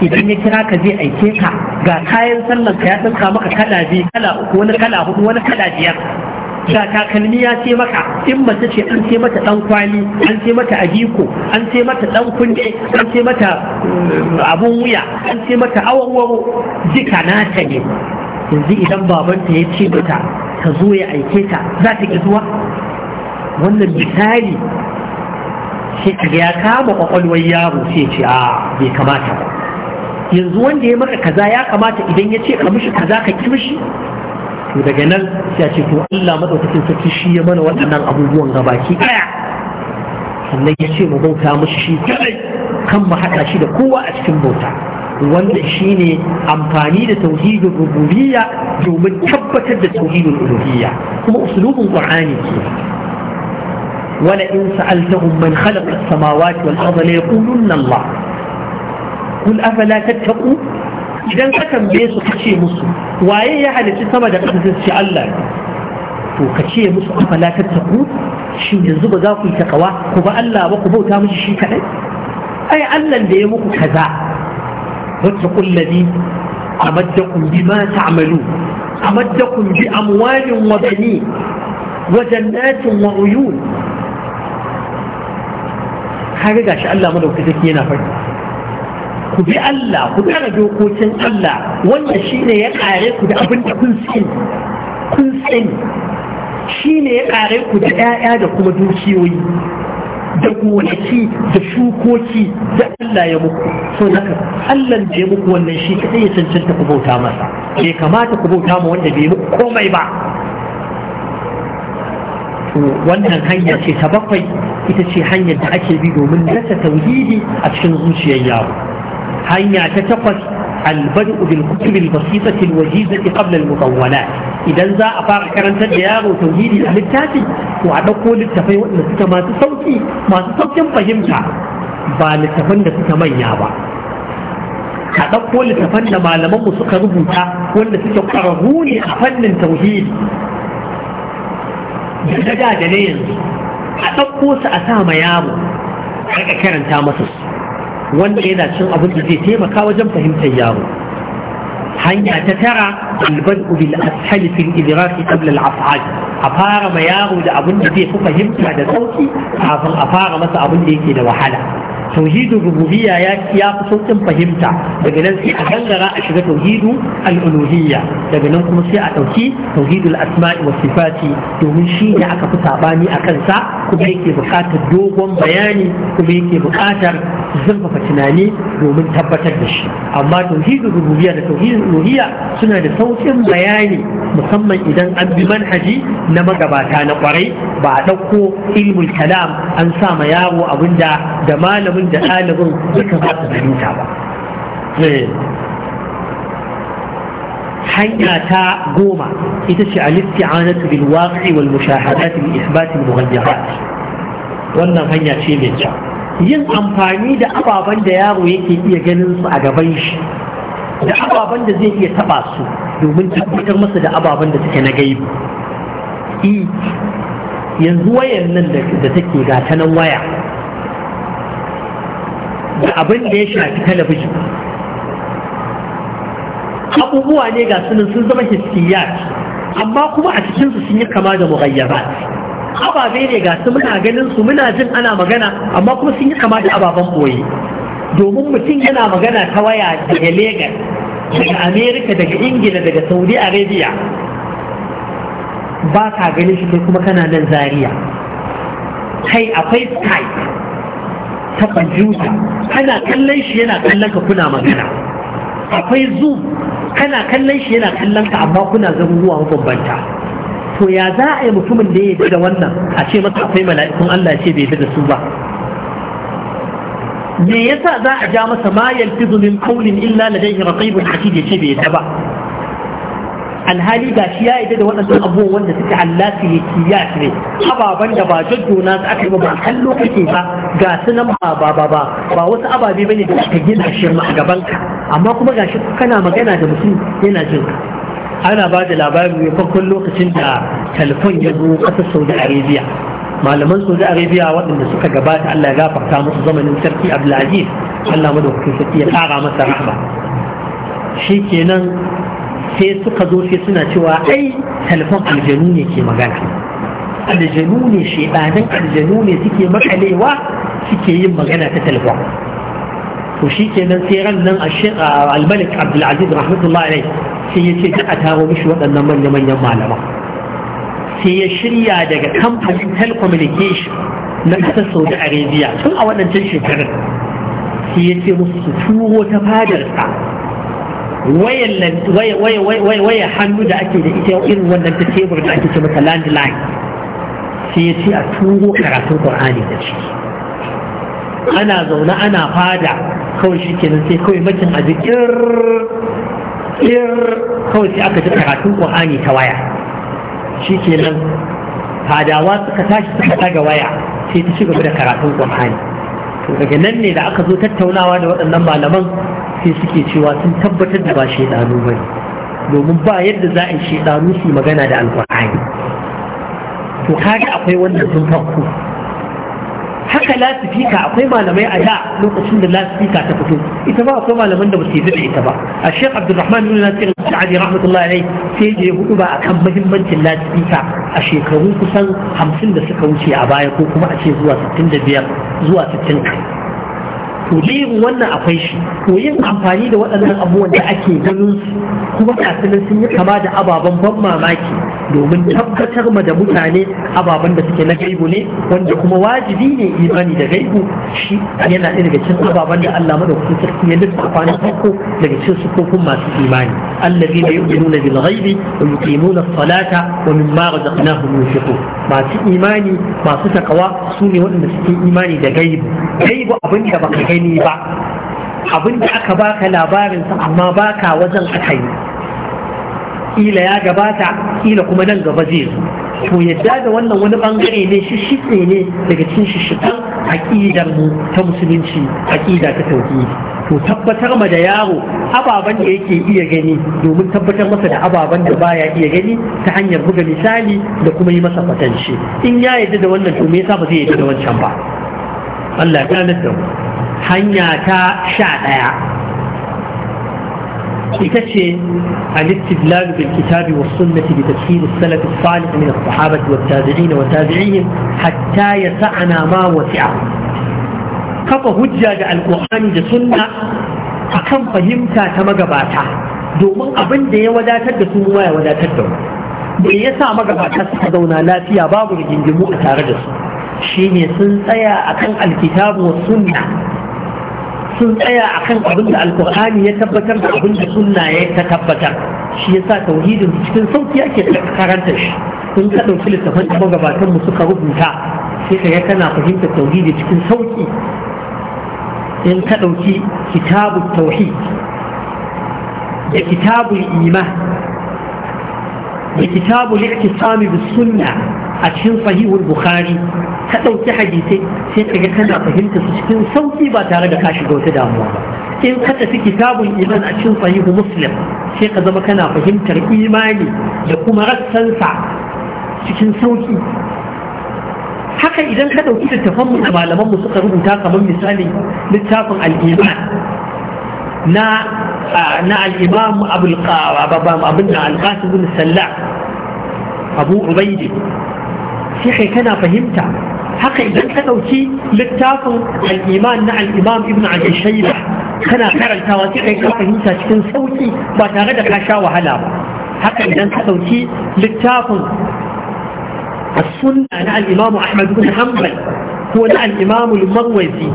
idan ya kira ka zai aike ka ga kayan sallan ka ya tsinka maka kala biyu kala uku wani kala hudu wani kala biyar ga takalmi ya ce maka in mace ce an ce mata dan kwali an ce mata agiko an ce mata dan kunne an ce mata eh, abun wuya an ce mata awarwaro, waro jika nata ne yanzu idan babanta ya ce mata ta zo ya aike ta za ta ki zuwa wannan misali sai ya kama kwakwalwar yaro sai ce a bai kamata yanzu wanda ya maka kaza ya kamata idan ya ce ka mishi kaza ka ki mishi to daga nan sai a ce to Allah madaukakin sarki shi ya mana waɗannan abubuwan gabaki ɗaya sannan ya ce mu bauta mishi shi kan mu haɗa shi da kowa a cikin bauta wanda shi ne amfani da tauhidin rububiyya domin tabbatar da tauhidin uluhiyya kuma usulubin qur'ani ke ولئن سألتهم من خلق السماوات والأرض ليقولن الله قل أفلا تتقون idan ka tambaye su kace musu waye ya halicci sama da ƙasa sai Allah to kace musu afala tattaku shin yanzu ba za ku yi takawa ku ba Allah ba ku bauta mishi shi kadai ai Allah da ya muku kaza واتقوا الذي أمدكم بما تعملون أمدكم بأموال وبنين وجنات وعيون هذا شاء الله ملوك كتكينا فرد كبي الله كبي أنا دوقوتين الله وانا شين يقاري كبي أبن كن سين كن سين شين يقاري كبي آيادة كما وي da gonaki da shukoki da Allah ya muku so haka Allah da ya muku wannan shi kadai ya cancanta ku bauta masa bai kamata ku bauta ma wanda bai muku komai ba wannan hanya ce ta bakwai ita ce hanyar da ake bi domin dasa tauhidi a cikin zuciyar yaro hanya ta takwas albadu bil kutubil basitatil wajizati qabla al mutawwalat idan za a fara karantar da yaro tauhidi a littafi to a ɗauko littafai waɗanda suka masu sauƙi masu sauƙin fahimta ba littafan da suka manya ba ka ɗauko littafan da mu suka rubuta wanda suke ƙwararru ne a fannin tauhidi da daga da ne yanzu a ɗauko su a sa ma yaro a karanta masa wanda yana cin abin da zai taimaka wajen fahimtar yaro hanya ta tara albadu bil ashali fil idraki qabla al af'al a fara ma yaro da abin da zai fi fahimta da sauki kafin a fara masa abin da yake da wahala tauhidin rububiyya ya fi sauƙin fahimta daga nan sai a gangara a shiga tauhidu al'uluhiyya daga nan kuma sai a ɗauki tauhidul asma'i wa sifati domin shi ne aka fi saɓani a kansa kuma yake buƙatar dogon bayani kuma yake buƙatar zurfafa tunani domin tabbatar da shi amma tauhidul rububiyya da tauhidul uluhiyya suna da sauƙin bayani musamman idan an bi manhaji na magabata na kwarai ba a ɗauko ilmul kalam an sa ma yaro abinda da malam abin da ɗalibin duka ba su fahimta ba eh. hanya ta goma ita ce al-isti'anatu bil waqi wal mushahadat li ithbat al wannan hanya ce mai kyau yin amfani da ababan da yaro yake iya ganin su a gaban shi da ababen da zai iya taba su domin tabbatar masa da ababan da suke na gaibi e, yanzu wayan nan da take ga ta nan waya da abin da ya shafi talabijin abubuwa ne ga sunan sun zama hissiyat amma kuma a cikinsu sun yi kama da mughayyabat ababe ne ga su muna ganin su muna jin ana magana amma kuma sun yi kama da ababen boye domin mutum yana magana ta waya daga Legas, daga Amerika daga Ingila daga Saudi Arabia ba ka ganin shi kai kuma kana nan Zariya. kai akwai Skype ta kwamfuta kana kallon shi yana kallon ka kuna magana akwai zoom kana kallon shi yana kallon ka amma kuna zuwa mabambanta to ya za a yi mutumin da ya yi da wannan a ce masa akwai mala'ikun Allah ce bai da su ba me yasa za a ja masa ma yalfizu min qawlin illa ladayhi raqibun atid ya ce bai da ba alhali ga shi ya yi da waɗannan abubuwan wanda suke allati ne kiyat ne ababen da ba jaddo su aka yi ba kallo kake ba ga su nan ba ba ba ba ba wasu ababe bane da aka gina shi a gaban ka amma kuma ga shi kana magana da mutum yana jin ka ana ba da labarin ne farkon lokacin da telefon ya zo ƙasar saudi arabia malaman saudi arabia waɗanda suka gabata allah ya gafarta musu zamanin sarki abdulaziz allah madaukakin sarki ya ƙara masa rahma shi kenan sai suka zo sai suna cewa ai talfan aljanu ne ke magana aljanu ne shedanin aljanu ne suke makalewa suke yin magana ta talfan to shi kenan sai ran nan a almalik abdulaziz rahmatullahi alai sai ya ce a taro mishi waɗannan manya-manyan malaman sai ya shirya daga kamfanin telecommunication na ƙasar saudi arabia tun a waɗancan shekarun sai ya ce musu su turo ta fadarsa waya hannu da ake da ita irin wannan ta tebur da ake ce mata landline sai ya ce a turo karatun qur'ani da shi ana zaune ana fada kawai shi kenan sai kawai makin a jikir kawai sai aka ji karatun qur'ani ta waya shi kenan fadawa suka tashi suka daga waya sai ta ci gaba da karatun qur'ani to daga nan ne da aka zo tattaunawa da waɗannan malaman sai suke cewa sun tabbatar da ba shaidanu ba domin ba yadda za a yi shaidanu su magana da alkur'ani to kaga akwai wannan sun farko haka lasifika akwai malamai a da lokacin da lasifika ta fito ita ba akwai malaman da ba su da ita ba a shek abdulrahman bin nasir sa'adi rahmatullahi alai sai da ya hudu ba akan mahimmancin lasifika a shekaru kusan hamsin da suka wuce a baya ko kuma a ce zuwa sittin da biyar zuwa sittin to wannan akwai shi to yin amfani da waɗannan abubuwan da ake ganin su kuma kasunan sun yi kama da ababen ban mamaki domin tabbatar ma da mutane ababen da suke na gaibu ne wanda kuma wajibi ne imani da gaibu shi yana ɗaya daga cikin ababen da Allah madaukakin sarki ya lissafa na farko daga cikin sufofin masu imani allazi la yu'minuna bil ghaibi wa yuqimuna as-salata wa mimma razaqnahum yunfiqun masu imani masu takawa su ne waɗanda suke imani da gaibu gaibu abin da baka gani ba abin da aka baka labarinsa amma baka wajen aka yi ila ya gabata kila kuma nan gaba zai zo to yadda da wannan wani bangare ne shishike ne daga cikin shishikan aƙidar mu ta musulunci aƙida ta tauhidi to tabbatar ma da yaro ababan da yake iya gani domin tabbatar masa da ababen da baya iya gani ta hanyar buga misali da kuma yi masa fatanci in ya yadda da wannan to me yasa ba zai yadda da wancan ba Allah ya da mu hanya ta sha ɗaya ita ce al-istidlal bil kitabi was sunnati bi tafsir as-salaf as-salih min as-sahabah wa tabi'in wa tabi'ihim hatta yas'ana ma wasi'a kafa hujja da alqur'ani da sunna akan fahimta ta magabata domin abin da ya wadatar da su ya wadatar da mu da ya sa magabata suka zauna lafiya babu rigingimu a tare da su shine sun tsaya akan alkitabu wa sunna sun tsaya akan abin da alkur'ani ya tabbatar da abin da sunna ya ta tabbatar shi yasa tauhidin cikin sauki ake karanta shi sun ka ɗauki littafin da magabatan mu suka rubuta sai ka ga kana fahimtar tauhidi cikin sauki in ka ɗauki kitabun tauhid da kitabun iman da kitabul i'tisami bis sunna a cikin sahihul bukhari ka ɗauki hadisai sai ka ga kana fahimta su cikin sauki ba tare da ka shiga wata damuwa in ka tafi kitabun iman a cikin sai ka zama kana fahimtar imani da kuma rassansa cikin haka idan ka ɗauki littafan mu da suka rubuta kamar misalin littafin al na آه، الإمام أبو الق أبو القاسم بن السلاح أبو عبيد في حين كنا فهمت حق إذا كنا وشي للتاف الإمام نع الإمام ابن عبد الشيبة كنا خير التواتي حين كنا فهمت شكن سوتي ما كاشا وهلا حق إذا كنا شيء للتاف السنة نع الإمام أحمد بن حنبل هو نع الإمام المروزي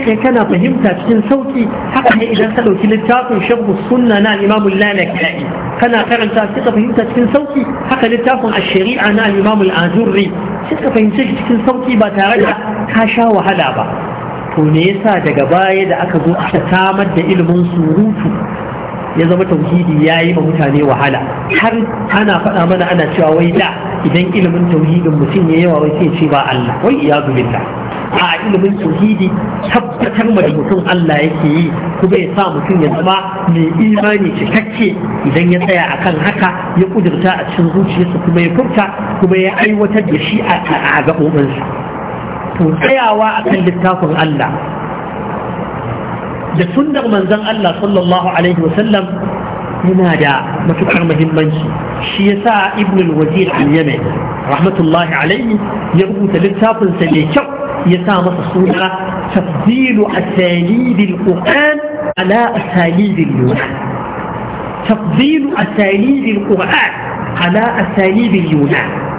shi kana fahimta cikin sauki haka ne idan ka ɗauki littafin shabbu sunna na imamul lalaka'i kana karanta sai fahimta cikin sauki haka littafin ash-shari'a na imamul azurri sai ka cikin sauki ba tare da ka sha wahala ba to me yasa daga baya da aka zo aka samar da ilimin surutu ya zama tauhidi ya yi ma mutane wahala har ana faɗa mana ana cewa wai da idan ilimin tauhidin mutum ya yawa wai sai ce ba Allah wai iyadu billah a ilimin tauhidi tabbatar ma da mutum Allah yake yi kuma ya sa mutum ya zama mai imani cikakke idan ya tsaya akan haka ya kudurta a cikin zuciyarsa kuma ya furta kuma ya aiwatar da shi a gaɓoɓinsa to tsayawa akan littafin Allah da sunnar manzon Allah sallallahu alaihi wasallam yana da matukar muhimmanci shi yasa sa ibnul wazir al-yamani rahmatullahi alaihi ya rubuta littafinsa mai kyau يسامة الصورة تفضيل أساليب القرآن على أساليب اليونان تفضيل أساليب القرآن على أساليب اليونان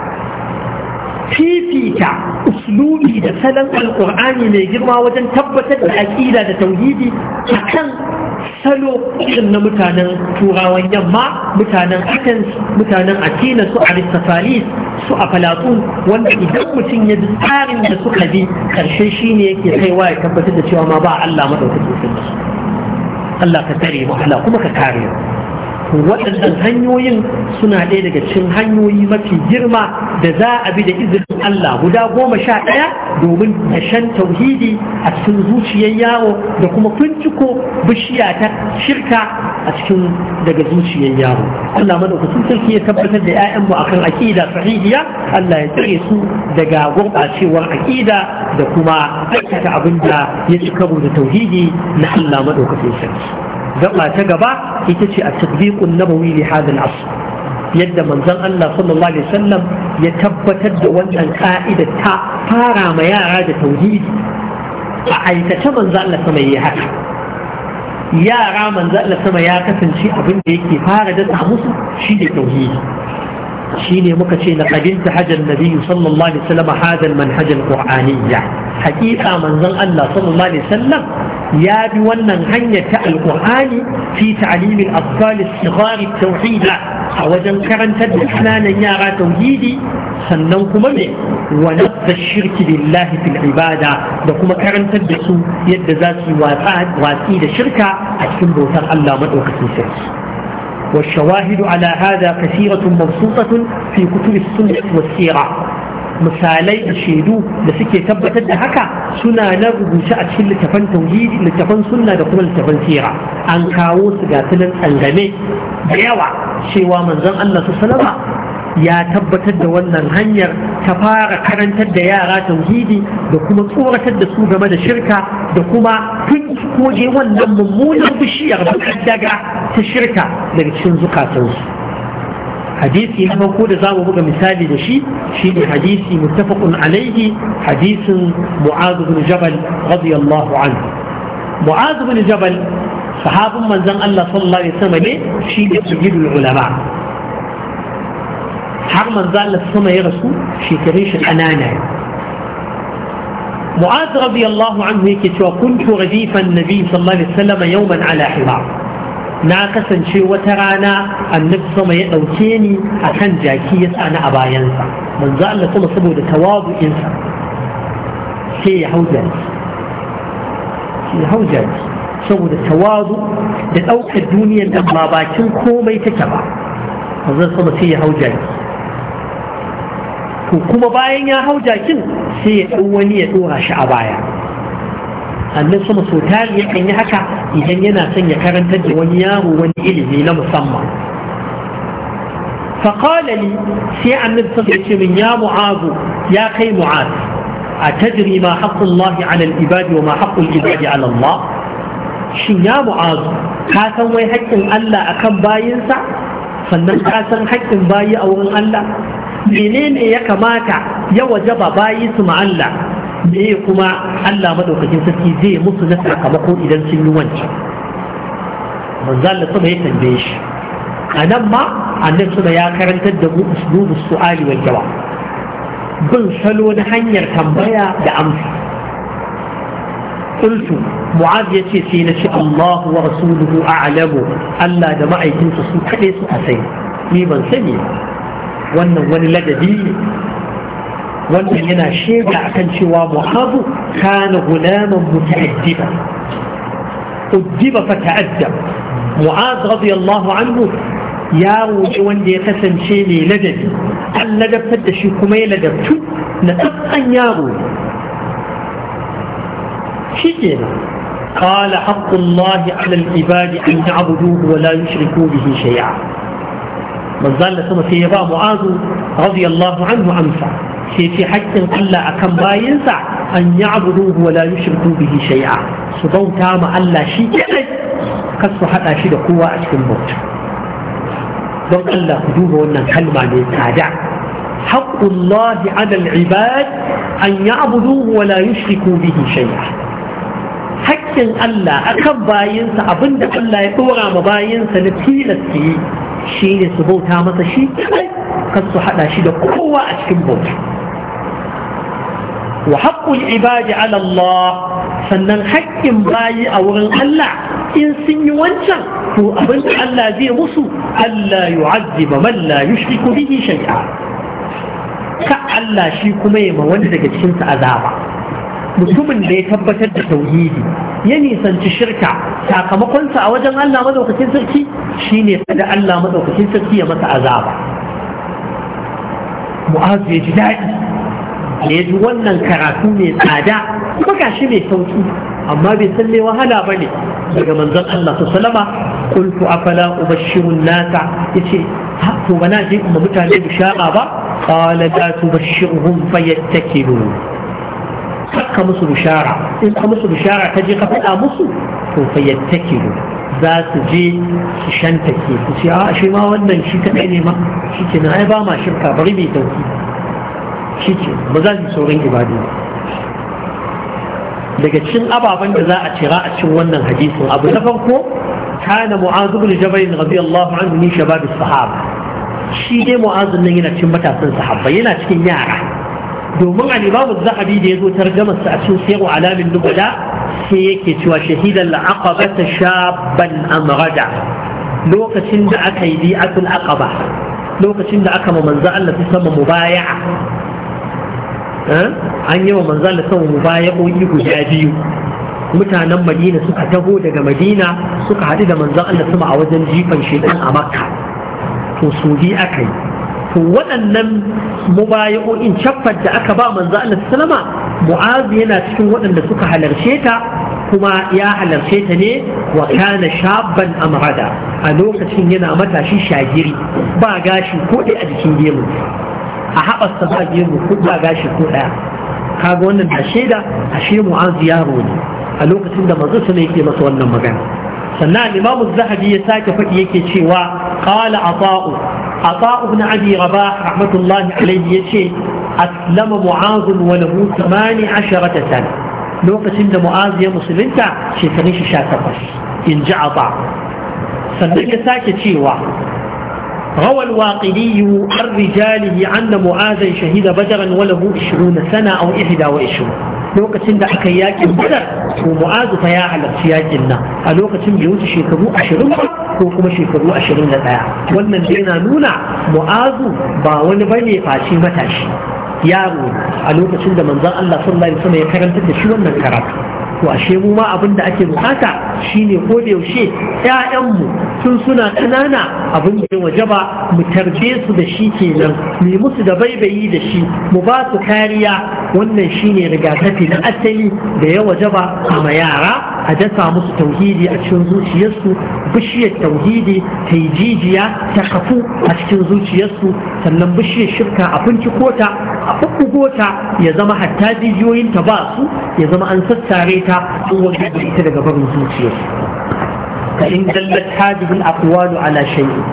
fifita uslubi da salon alkur'ani mai girma wajen tabbatar da aƙida da tauhidi a kan salo irin na mutanen turawan yamma mutanen athens mutanen athena su aristophanes su aflatun wanda idan mutum ya bi tsarin da suka bi karshe shine yake kaiwa ya tabbatar da cewa ma ba allah maɗaukaki sun Allah ka tare mu Allah kuma ka kare mu waɗannan hanyoyin suna ɗaya daga cikin hanyoyi mafi girma da za a bi da izinin Allah guda goma sha ɗaya domin shan tauhidi a cikin zuciyar yawo da kuma kunciko bishiya ta shirka a cikin daga zuciyar yawo Allah madaukakin sarki ya tabbatar da yayan mu akan aƙida sahihiya Allah ya tsare su daga gurɓacewar aƙida da kuma aikata abinda ya ci karo da tauhidi na Allah madaukakin sarki gaba ta gaba ita ce a tasbiqun nabawi li hadal asr yadda manzon Allah sallallahu alaihi wasallam ya tabbatar da wannan ka'ida ta fara ma yara da tauhidi a aikace manzon Allah sama yi haka yara manzon Allah sama ya kasance abin da yake fara da musu shi da tauhidi shine muka ce na qadinta hajar nabiyyu sallallahu alaihi wasallam hadha al-manhaj al manzon Allah sallallahu alaihi wasallam ya bi wannan hanya ta al-qur'ani fi ta'lim al-atfal sighar tauhid a wajen karantar da kananan yara tauhidi sannan kuma me wa nadda shirki billahi fil ibada da kuma karantar da su yadda za su yi watsi da shirka a cikin bautar Allah madaukakin sarki والشواهد على هذا كثيرة مبسوطة في كتب السنة والسيرة misalai da shaidu da suke tabbatar da haka suna na rubuce a cikin littafan tauhidi littafan sunna da kuma littafan sira an kawo su ga sunan tsangame da yawa cewa manzon Allah su salama ya tabbatar da wannan hanyar ta fara karantar da yara tauhidi da kuma tsoratar da su game da shirka da kuma koje wannan mummunan bishiyar daga ta shirka daga cikin zukatansu hadisi na farko da zamu buga misali da shi ne hadisi muttafaqun alaihi hadisin mu'adh ibn jabal radiyallahu anhu mu'adh jabal sahabin manzon Allah sallallahu alaihi wasallam ne shi ne sayyidul ulama har manzo Allah sama ya rasu shekarun shi kanana Mu'az radiyallahu anhu yake cewa kuntu radifan nabi sallallahu alaihi wasallam yawman ala hira na kasance wata rana annabi sama ya dauke ni akan jaki ya tsana a bayansa manzo Allah kuma saboda tawabu'insa sai ya hauja ya hauja saboda tawadu da daukar duniyar da ba bakin komai take ba manzo sama sai ya hauja to kuma bayan ya hau jakin sai ya ɗan wani ya ɗora shi a baya annan sama sau tari ya yi haka idan yana son ya karanta da wani yaro wani ilimi na musamman faƙalali sai annan sama ya ce ya mu'azu ya kai mu'az a tajiri ma haƙƙun lahi alal ma haƙƙun ibadi alallah shin ya mu'azu ka san wai haƙƙin allah akan bayinsa sannan ka san haƙƙin bayi a wurin allah menene ya kamata ya wajaba bayi su ma'alla me kuma Allah madaukakin sarki zai musu na sakamako idan sun yi wancan manzo Allah sama ya tambaye shi a nan ma annabi sama ya karantar da mu uslubu su'ali wal jawab bin salo na hanyar tambaya da amsa qultu mu'az yace sai na ce Allah wa rasuluhu a'lamu Allah da ma'aikinsa su kade su a ni ban sani ba wannan wani ladabi wannan yana shaida akan cewa muhabu kana gulaman muta'addiba uddiba fa ta'addab mu'az radiyallahu anhu ya wuce wanda ya kasance mai ladabi an ladabtar da shi kuma ya ladabtu na tsatsan yaro shi ke قال حق الله على العباد أن يعبدوه ولا يشركوا به شيئا manzan da sama sai ya ba mu'azu radiyallahu anhu amsa sai ce haƙƙin Allah akan bayinsa an ya'buduhu wa la yushriku bihi shay'a su bauta ma Allah shi kadai kar su hada shi da kowa a cikin bauta don Allah ku duba wannan kalma mai tsada haqqullahi 'ala al-ibad an ya'buduhu wa la yushriku bihi shay'a haƙƙin Allah akan bayinsa abinda Allah ya ɗora ma bayinsa na tilasta yi shi ne su bauta masa shi kan su haɗa shi da kowa a cikin bauta wa haƙƙul ibadi ala Allah sannan haƙƙin bayi a wurin Allah in sun yi wancan to abin da Allah zai musu Allah yu'azziba man la yushriku bihi shay'a ka Allah shi kuma ya ma wani daga cikin sa azaba mutumin da ya tabbatar da tauhidi ya nisanci shirka sakamakonsa a wajen Allah madaukakin sarki shine da Allah madaukakin sarki ya masa azaba mu'azu ya ji daɗi da ya ji wannan karatu mai tsada kuma gashi mai sauki amma bai san mai wahala ba ne daga manzon Allah su salama kultu afala ubashirun nasa ya ce to na je kuma mutane bishara ba qala la tubashirhum fayattakilu ka musu bishara in ka musu bishara ka je ka faɗa musu to fa yattakilu za su je su shanta ke su ce a shi ma wannan shi kaɗai ne ma shi ke na ai ba ma shirka bari mai dauki shi ce ba za su sauran ibadu daga cikin ababen da za a cira a cikin wannan hadisin abu na farko kana mu'azu bin jabal radiyallahu anhu ni shabab sahaba shi dai mu'azu nan yana cikin matasan sahabba yana cikin yara domin al-imamu zahabi da ya zo tarjamar sa a cikin sayru alamin nubala sai yake cewa shahidan al-aqaba shaban amrada lokacin da aka yi bi'atul aqaba lokacin da aka ma manzo Allah sama mubaya'a eh, an yi wa manzo Allah sama mubaya'o'i guda biyu mutanen madina suka taho daga madina suka haɗu da manzon Allah sama a wajen jifan shekan a makka to su bi aka yi to waɗannan mubayi'o'in chaffar da aka ba manzo Allah sallama mu'az yana cikin waɗanda suka halarce ta kuma ya halarce ta ne wa kana shabban amrada a lokacin yana matashi shagiri ba gashi ko ɗaya a jikin gemu a haɓasta ba gemu ko ba gashi ko ɗaya kaga wannan da shaida ashe mu'az yaro ne a lokacin da manzo sama yake masa wannan magana sannan imamu zahabi ya sake faɗi yake cewa qala ata'u ata'u ibn abi rabah rahmatullahi alayhi yace aslama mu'az wa lahu 18 sana lokacin da mu'az ya musulunta shekarun shi 18 in ji ata sannan ya sake cewa روى الواقدي عن رجاله أن معاذا شهد بدرا وله 20 سنة da 21 lokacin da aka yakin badar ko mu'azu fa ya halarci yakin nan a lokacin bai wuce shekaru 20 ko kuma shekaru 21 wannan dai na nuna mu'azu ba wani bane fashi matashi yaro a lokacin da manzon Allah sallallahu alaihi wasallam ya karanta da shi wannan karatu to ashe mu ma abin da ake bukata shine ko da yaushe ƴaƴanmu tun suna ƙanana abin da waje ba mu tarbe su da shi kenan mu yi musu da baibayi da shi mu ba su kariya wannan shine rigakafi na asali da ya waje ba ma yara a dasa musu tauhidi a cikin zuciyarsu bishiyar tauhidi ta yi jijiya ta kafu a cikin zuciyarsu sannan bishiyar shirka a finciko kota, a bubbugo ta ya zama hatta jijiyoyin ta ba su ya zama an sassare ta an wajen ita daga barin zuciyarsu ka in dallat hadihil aqwalu ala shay'in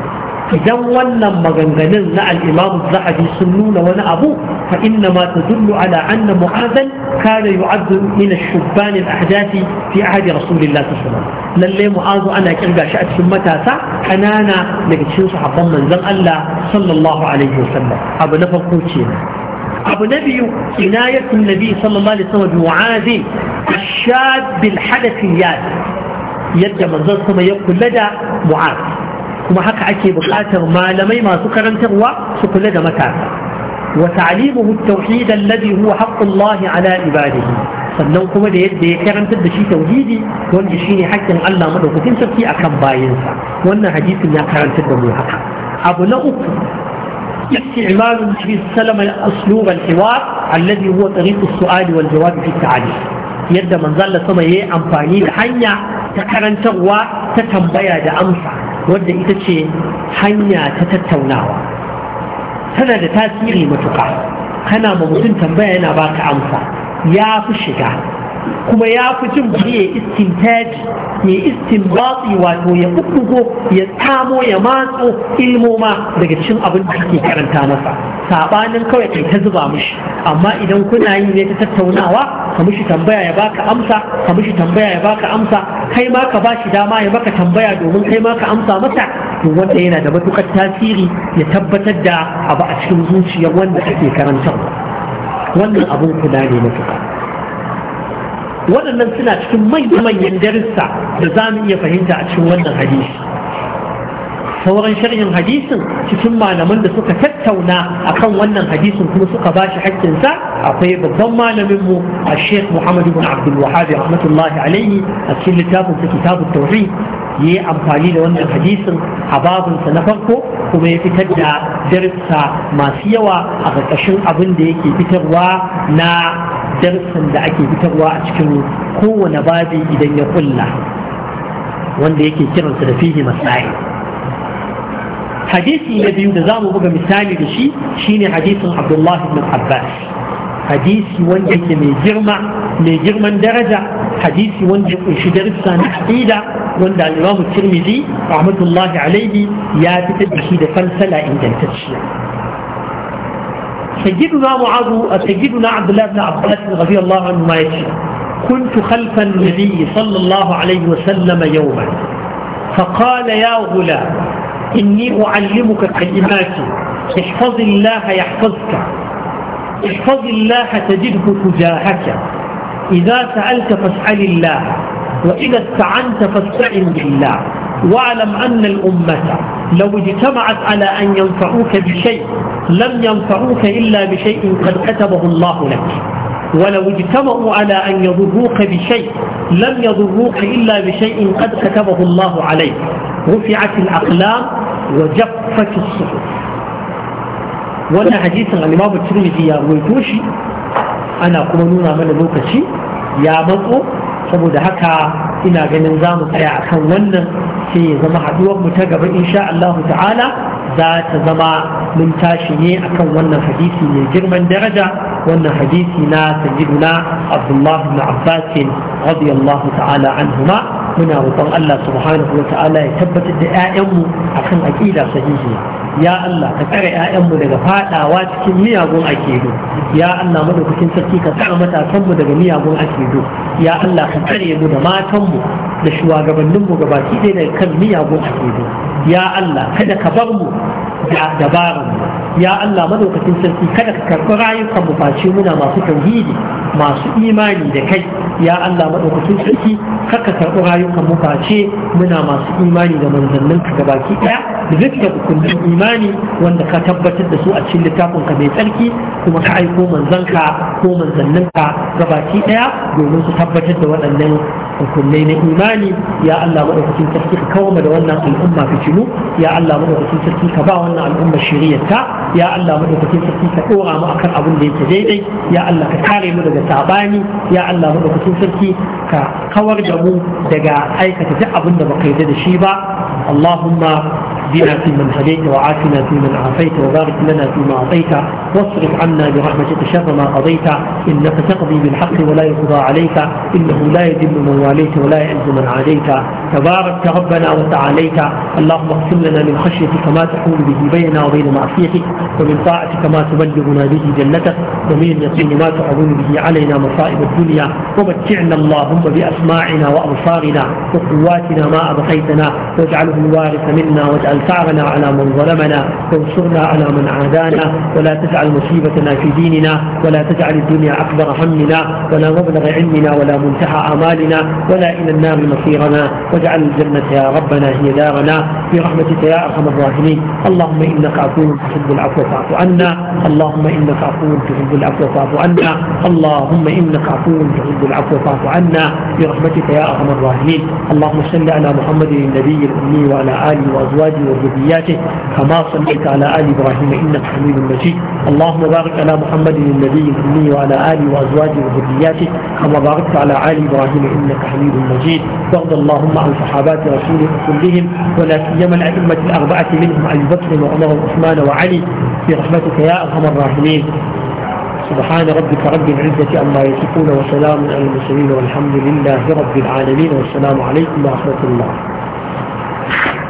idan wannan maganganun na al-imam zahabi sun nuna wani abu fa inna ma tadullu ala anna mu'adhan kana yu'addu min ash-shubban al-ahdathi fi ahdi rasulillah sallallahu alaihi wasallam lalle mu'adhu ana kirga shi a cikin matasa kanana daga cikin sahabban manzon Allah sallallahu alaihi wasallam abu na farko ce أبو نبي عناية النبي صلى الله عليه وسلم بمعاذ الشاب yadda يبدأ منظر ثم يقول لدى معاذ kuma haka ake bukatar malamai masu karantarwa su kula da matasa wa ta'limuhu at-tauhid alladhi huwa haqqullahi ala ibadihi sannan kuma da yadda ya karantar da shi tauhidi wanda shine haƙƙin Allah madaukakin sarki akan bayinsa wannan hadisin ya karantar da mu haka abu na uku استعمال النبي صلى الله عليه وسلم اسلوب الحوار الذي هو طريق السؤال والجواب في التعليم yadda manzalla sama ya yi amfani da hanya ta karantarwa ta tambaya da amsa wadda ita ce hanya ta tattaunawa tana da tasiri matuƙa kana ma mutum tambaya yana baka amsa ya fi shiga kuma ya fi cin bari ya iskin istintaji ya istinbatsi wato ya kukkuko ya tamo ya matso ilmoma daga cikin abin da kake karanta masa sabanin kawai kai ta zuba mishi amma idan kuna yi ne ta tattaunawa ka mishi tambaya ya baka amsa ka mishi tambaya ya baka amsa kai ma ka bashi dama ya baka tambaya domin kai ma ka amsa masa to wanda yana da matukar tasiri ya tabbatar da abu a cikin zuciyar wanda kake karantar wannan abun kuna ne matuƙa waɗannan suna cikin manya-manyan darussa da za mu iya fahimta a cikin wannan hadisi sauran sharhin hadisin cikin malaman da suka tattauna akan wannan hadisin kuma suka ba shi haƙƙinsa akwai babban malamin mu a sheikh muhammad ibn abdul wahab rahmatullahi alaihi a cikin littafin sa kitabut tauhid yi amfani da wannan hadisin a babinsa na farko kuma ya fitar da darussa masu yawa a ƙarƙashin abin da yake fitarwa na darussan da ake fitarwa a cikin kowane babi idan ya kulla wanda yake kiransa da fihi masai hadisi na biyu da zamu buga misali da shi shine hadisin abdullahi bin abbas hadisi wanda yake mai girma mai girman daraja hadisi wanda ya kunshi darussa na aqida wanda al-Imam Tirmidhi rahmatullahi alaihi ya إن da shi da falsala ingantacciya سيدنا معاذ سيدنا عبد الله بن عباس رضي الله عنه ما يشاء كنت خلف النبي صلى الله عليه وسلم يوما فقال يا غلام إني أعلمك كلمات احفظ الله يحفظك احفظ الله تجده تجاهك إذا سألت فاسأل الله وإذا استعنت فاستعن بالله واعلم أن الأمة لو اجتمعت على أن ينفعوك بشيء لم ينفعوك إلا بشيء قد كتبه الله لك ولو اجتمعوا على أن يضروك بشيء لم يضروك إلا بشيء قد كتبه الله عليك رفعت الأقلام وجفت الصحف وانا حديثا الإمام الترمذي يرويتوشي أنا أقول نونا من لوكشي ya matso saboda haka ina ganin za mu tsaya akan wannan sai ya zama haduwar mu ta gaba insha Allah ta'ala za ta zama mun tashi ne akan wannan hadisi mai girman daraja wannan hadisi na sayyiduna Abdullah ibn Abbas radiyallahu ta'ala anhuma muna roƙon Allah subhanahu wa ta'ala ya tabbatar da mu akan aqida sahihiya ya Allah ka tsare ƴaƴanmu daga fadawa cikin miyagun akidu ya Allah madaukakin sarki ka tsare mu daga miyagun akidu ya Allah ka tsare mu da matanmu da shugabanninmu gabaki ɗaya daga kan miyagun akidu ya Allah kada ka bar mu da dabaran mu ya Allah madaukakin sarki kada ka karɓi rayukan mu face muna masu tauhidi masu imani da kai ya Allah madaukakin sarki kaka karɓi rayukan mu face muna masu imani da manzannin ka gabaki ɗaya da dukkan imani wanda ka tabbatar da su a cikin littafin ka mai tsarki kuma ka aiko manzanka ko manzannin ka gabaki ɗaya domin su tabbatar da waɗannan rukunai na imani ya Allah madaukakin sarki ka kawo da wannan al'umma fitinu ya Allah madaukakin sarki ka ba wannan al'umma shiriyarta ya Allah madaukakin sarki ka dora mu akan abin da yake daidai ya Allah ka kare mu daga sabani ya Allah madaukakin sarki ka kawar da mu daga aikata duk abin da baka yarda da shi ba Allahumma اهدنا فيمن هديت وعافنا فيمن عافيت وبارك لنا فيما أعطيت واصرف عنا برحمتك شر ما قضيت إنك تقضي بالحق ولا يقضى عليك إنه لا يذل من واليت ولا يعز من عاديت تبارك ربنا وتعاليت اللهم اقسم لنا من خشيتك ما تحول به بيننا وبين معصيتك ومن طاعتك ما تبلغنا به جنتك ومن اليقين ما تعظم به علينا مصائب الدنيا ومتعنا اللهم بأسماعنا وأبصارنا وقواتنا ما أبقيتنا واجعله الوارث منا واجعل وانفعنا على من ظلمنا وانصرنا على من عادانا ولا تجعل مصيبتنا في ديننا ولا تجعل الدنيا أكبر همنا ولا مبلغ علمنا ولا منتهى آمالنا ولا إلى النار مصيرنا واجعل الجنة يا ربنا هي دارنا برحمتك يا أرحم الراحمين اللهم إنك عفو تحب العفو فاعف عنا اللهم إنك عفو تحب العفو فاعف عنا اللهم إنك عفو تحب العفو فاعف عنا برحمتك يا أرحم الراحمين اللهم صل على محمد النبي الأمي وعلى آله وأزواجه وذرياته كما صليت على آل إبراهيم إنك حميد مجيد اللهم بارك على محمد النبي الأمي وعلى آله وأزواجه وذرياته كما باركت على آل إبراهيم إنك حميد مجيد وارض اللهم عن صحابات رسولك كلهم ولا سيما الأئمة الأربعة منهم أبي بكر وعمر وعثمان وعلي برحمتك يا أرحم الراحمين سبحان ربك رب العزة عما يصفون وسلام على المرسلين والحمد لله رب العالمين والسلام عليكم ورحمة الله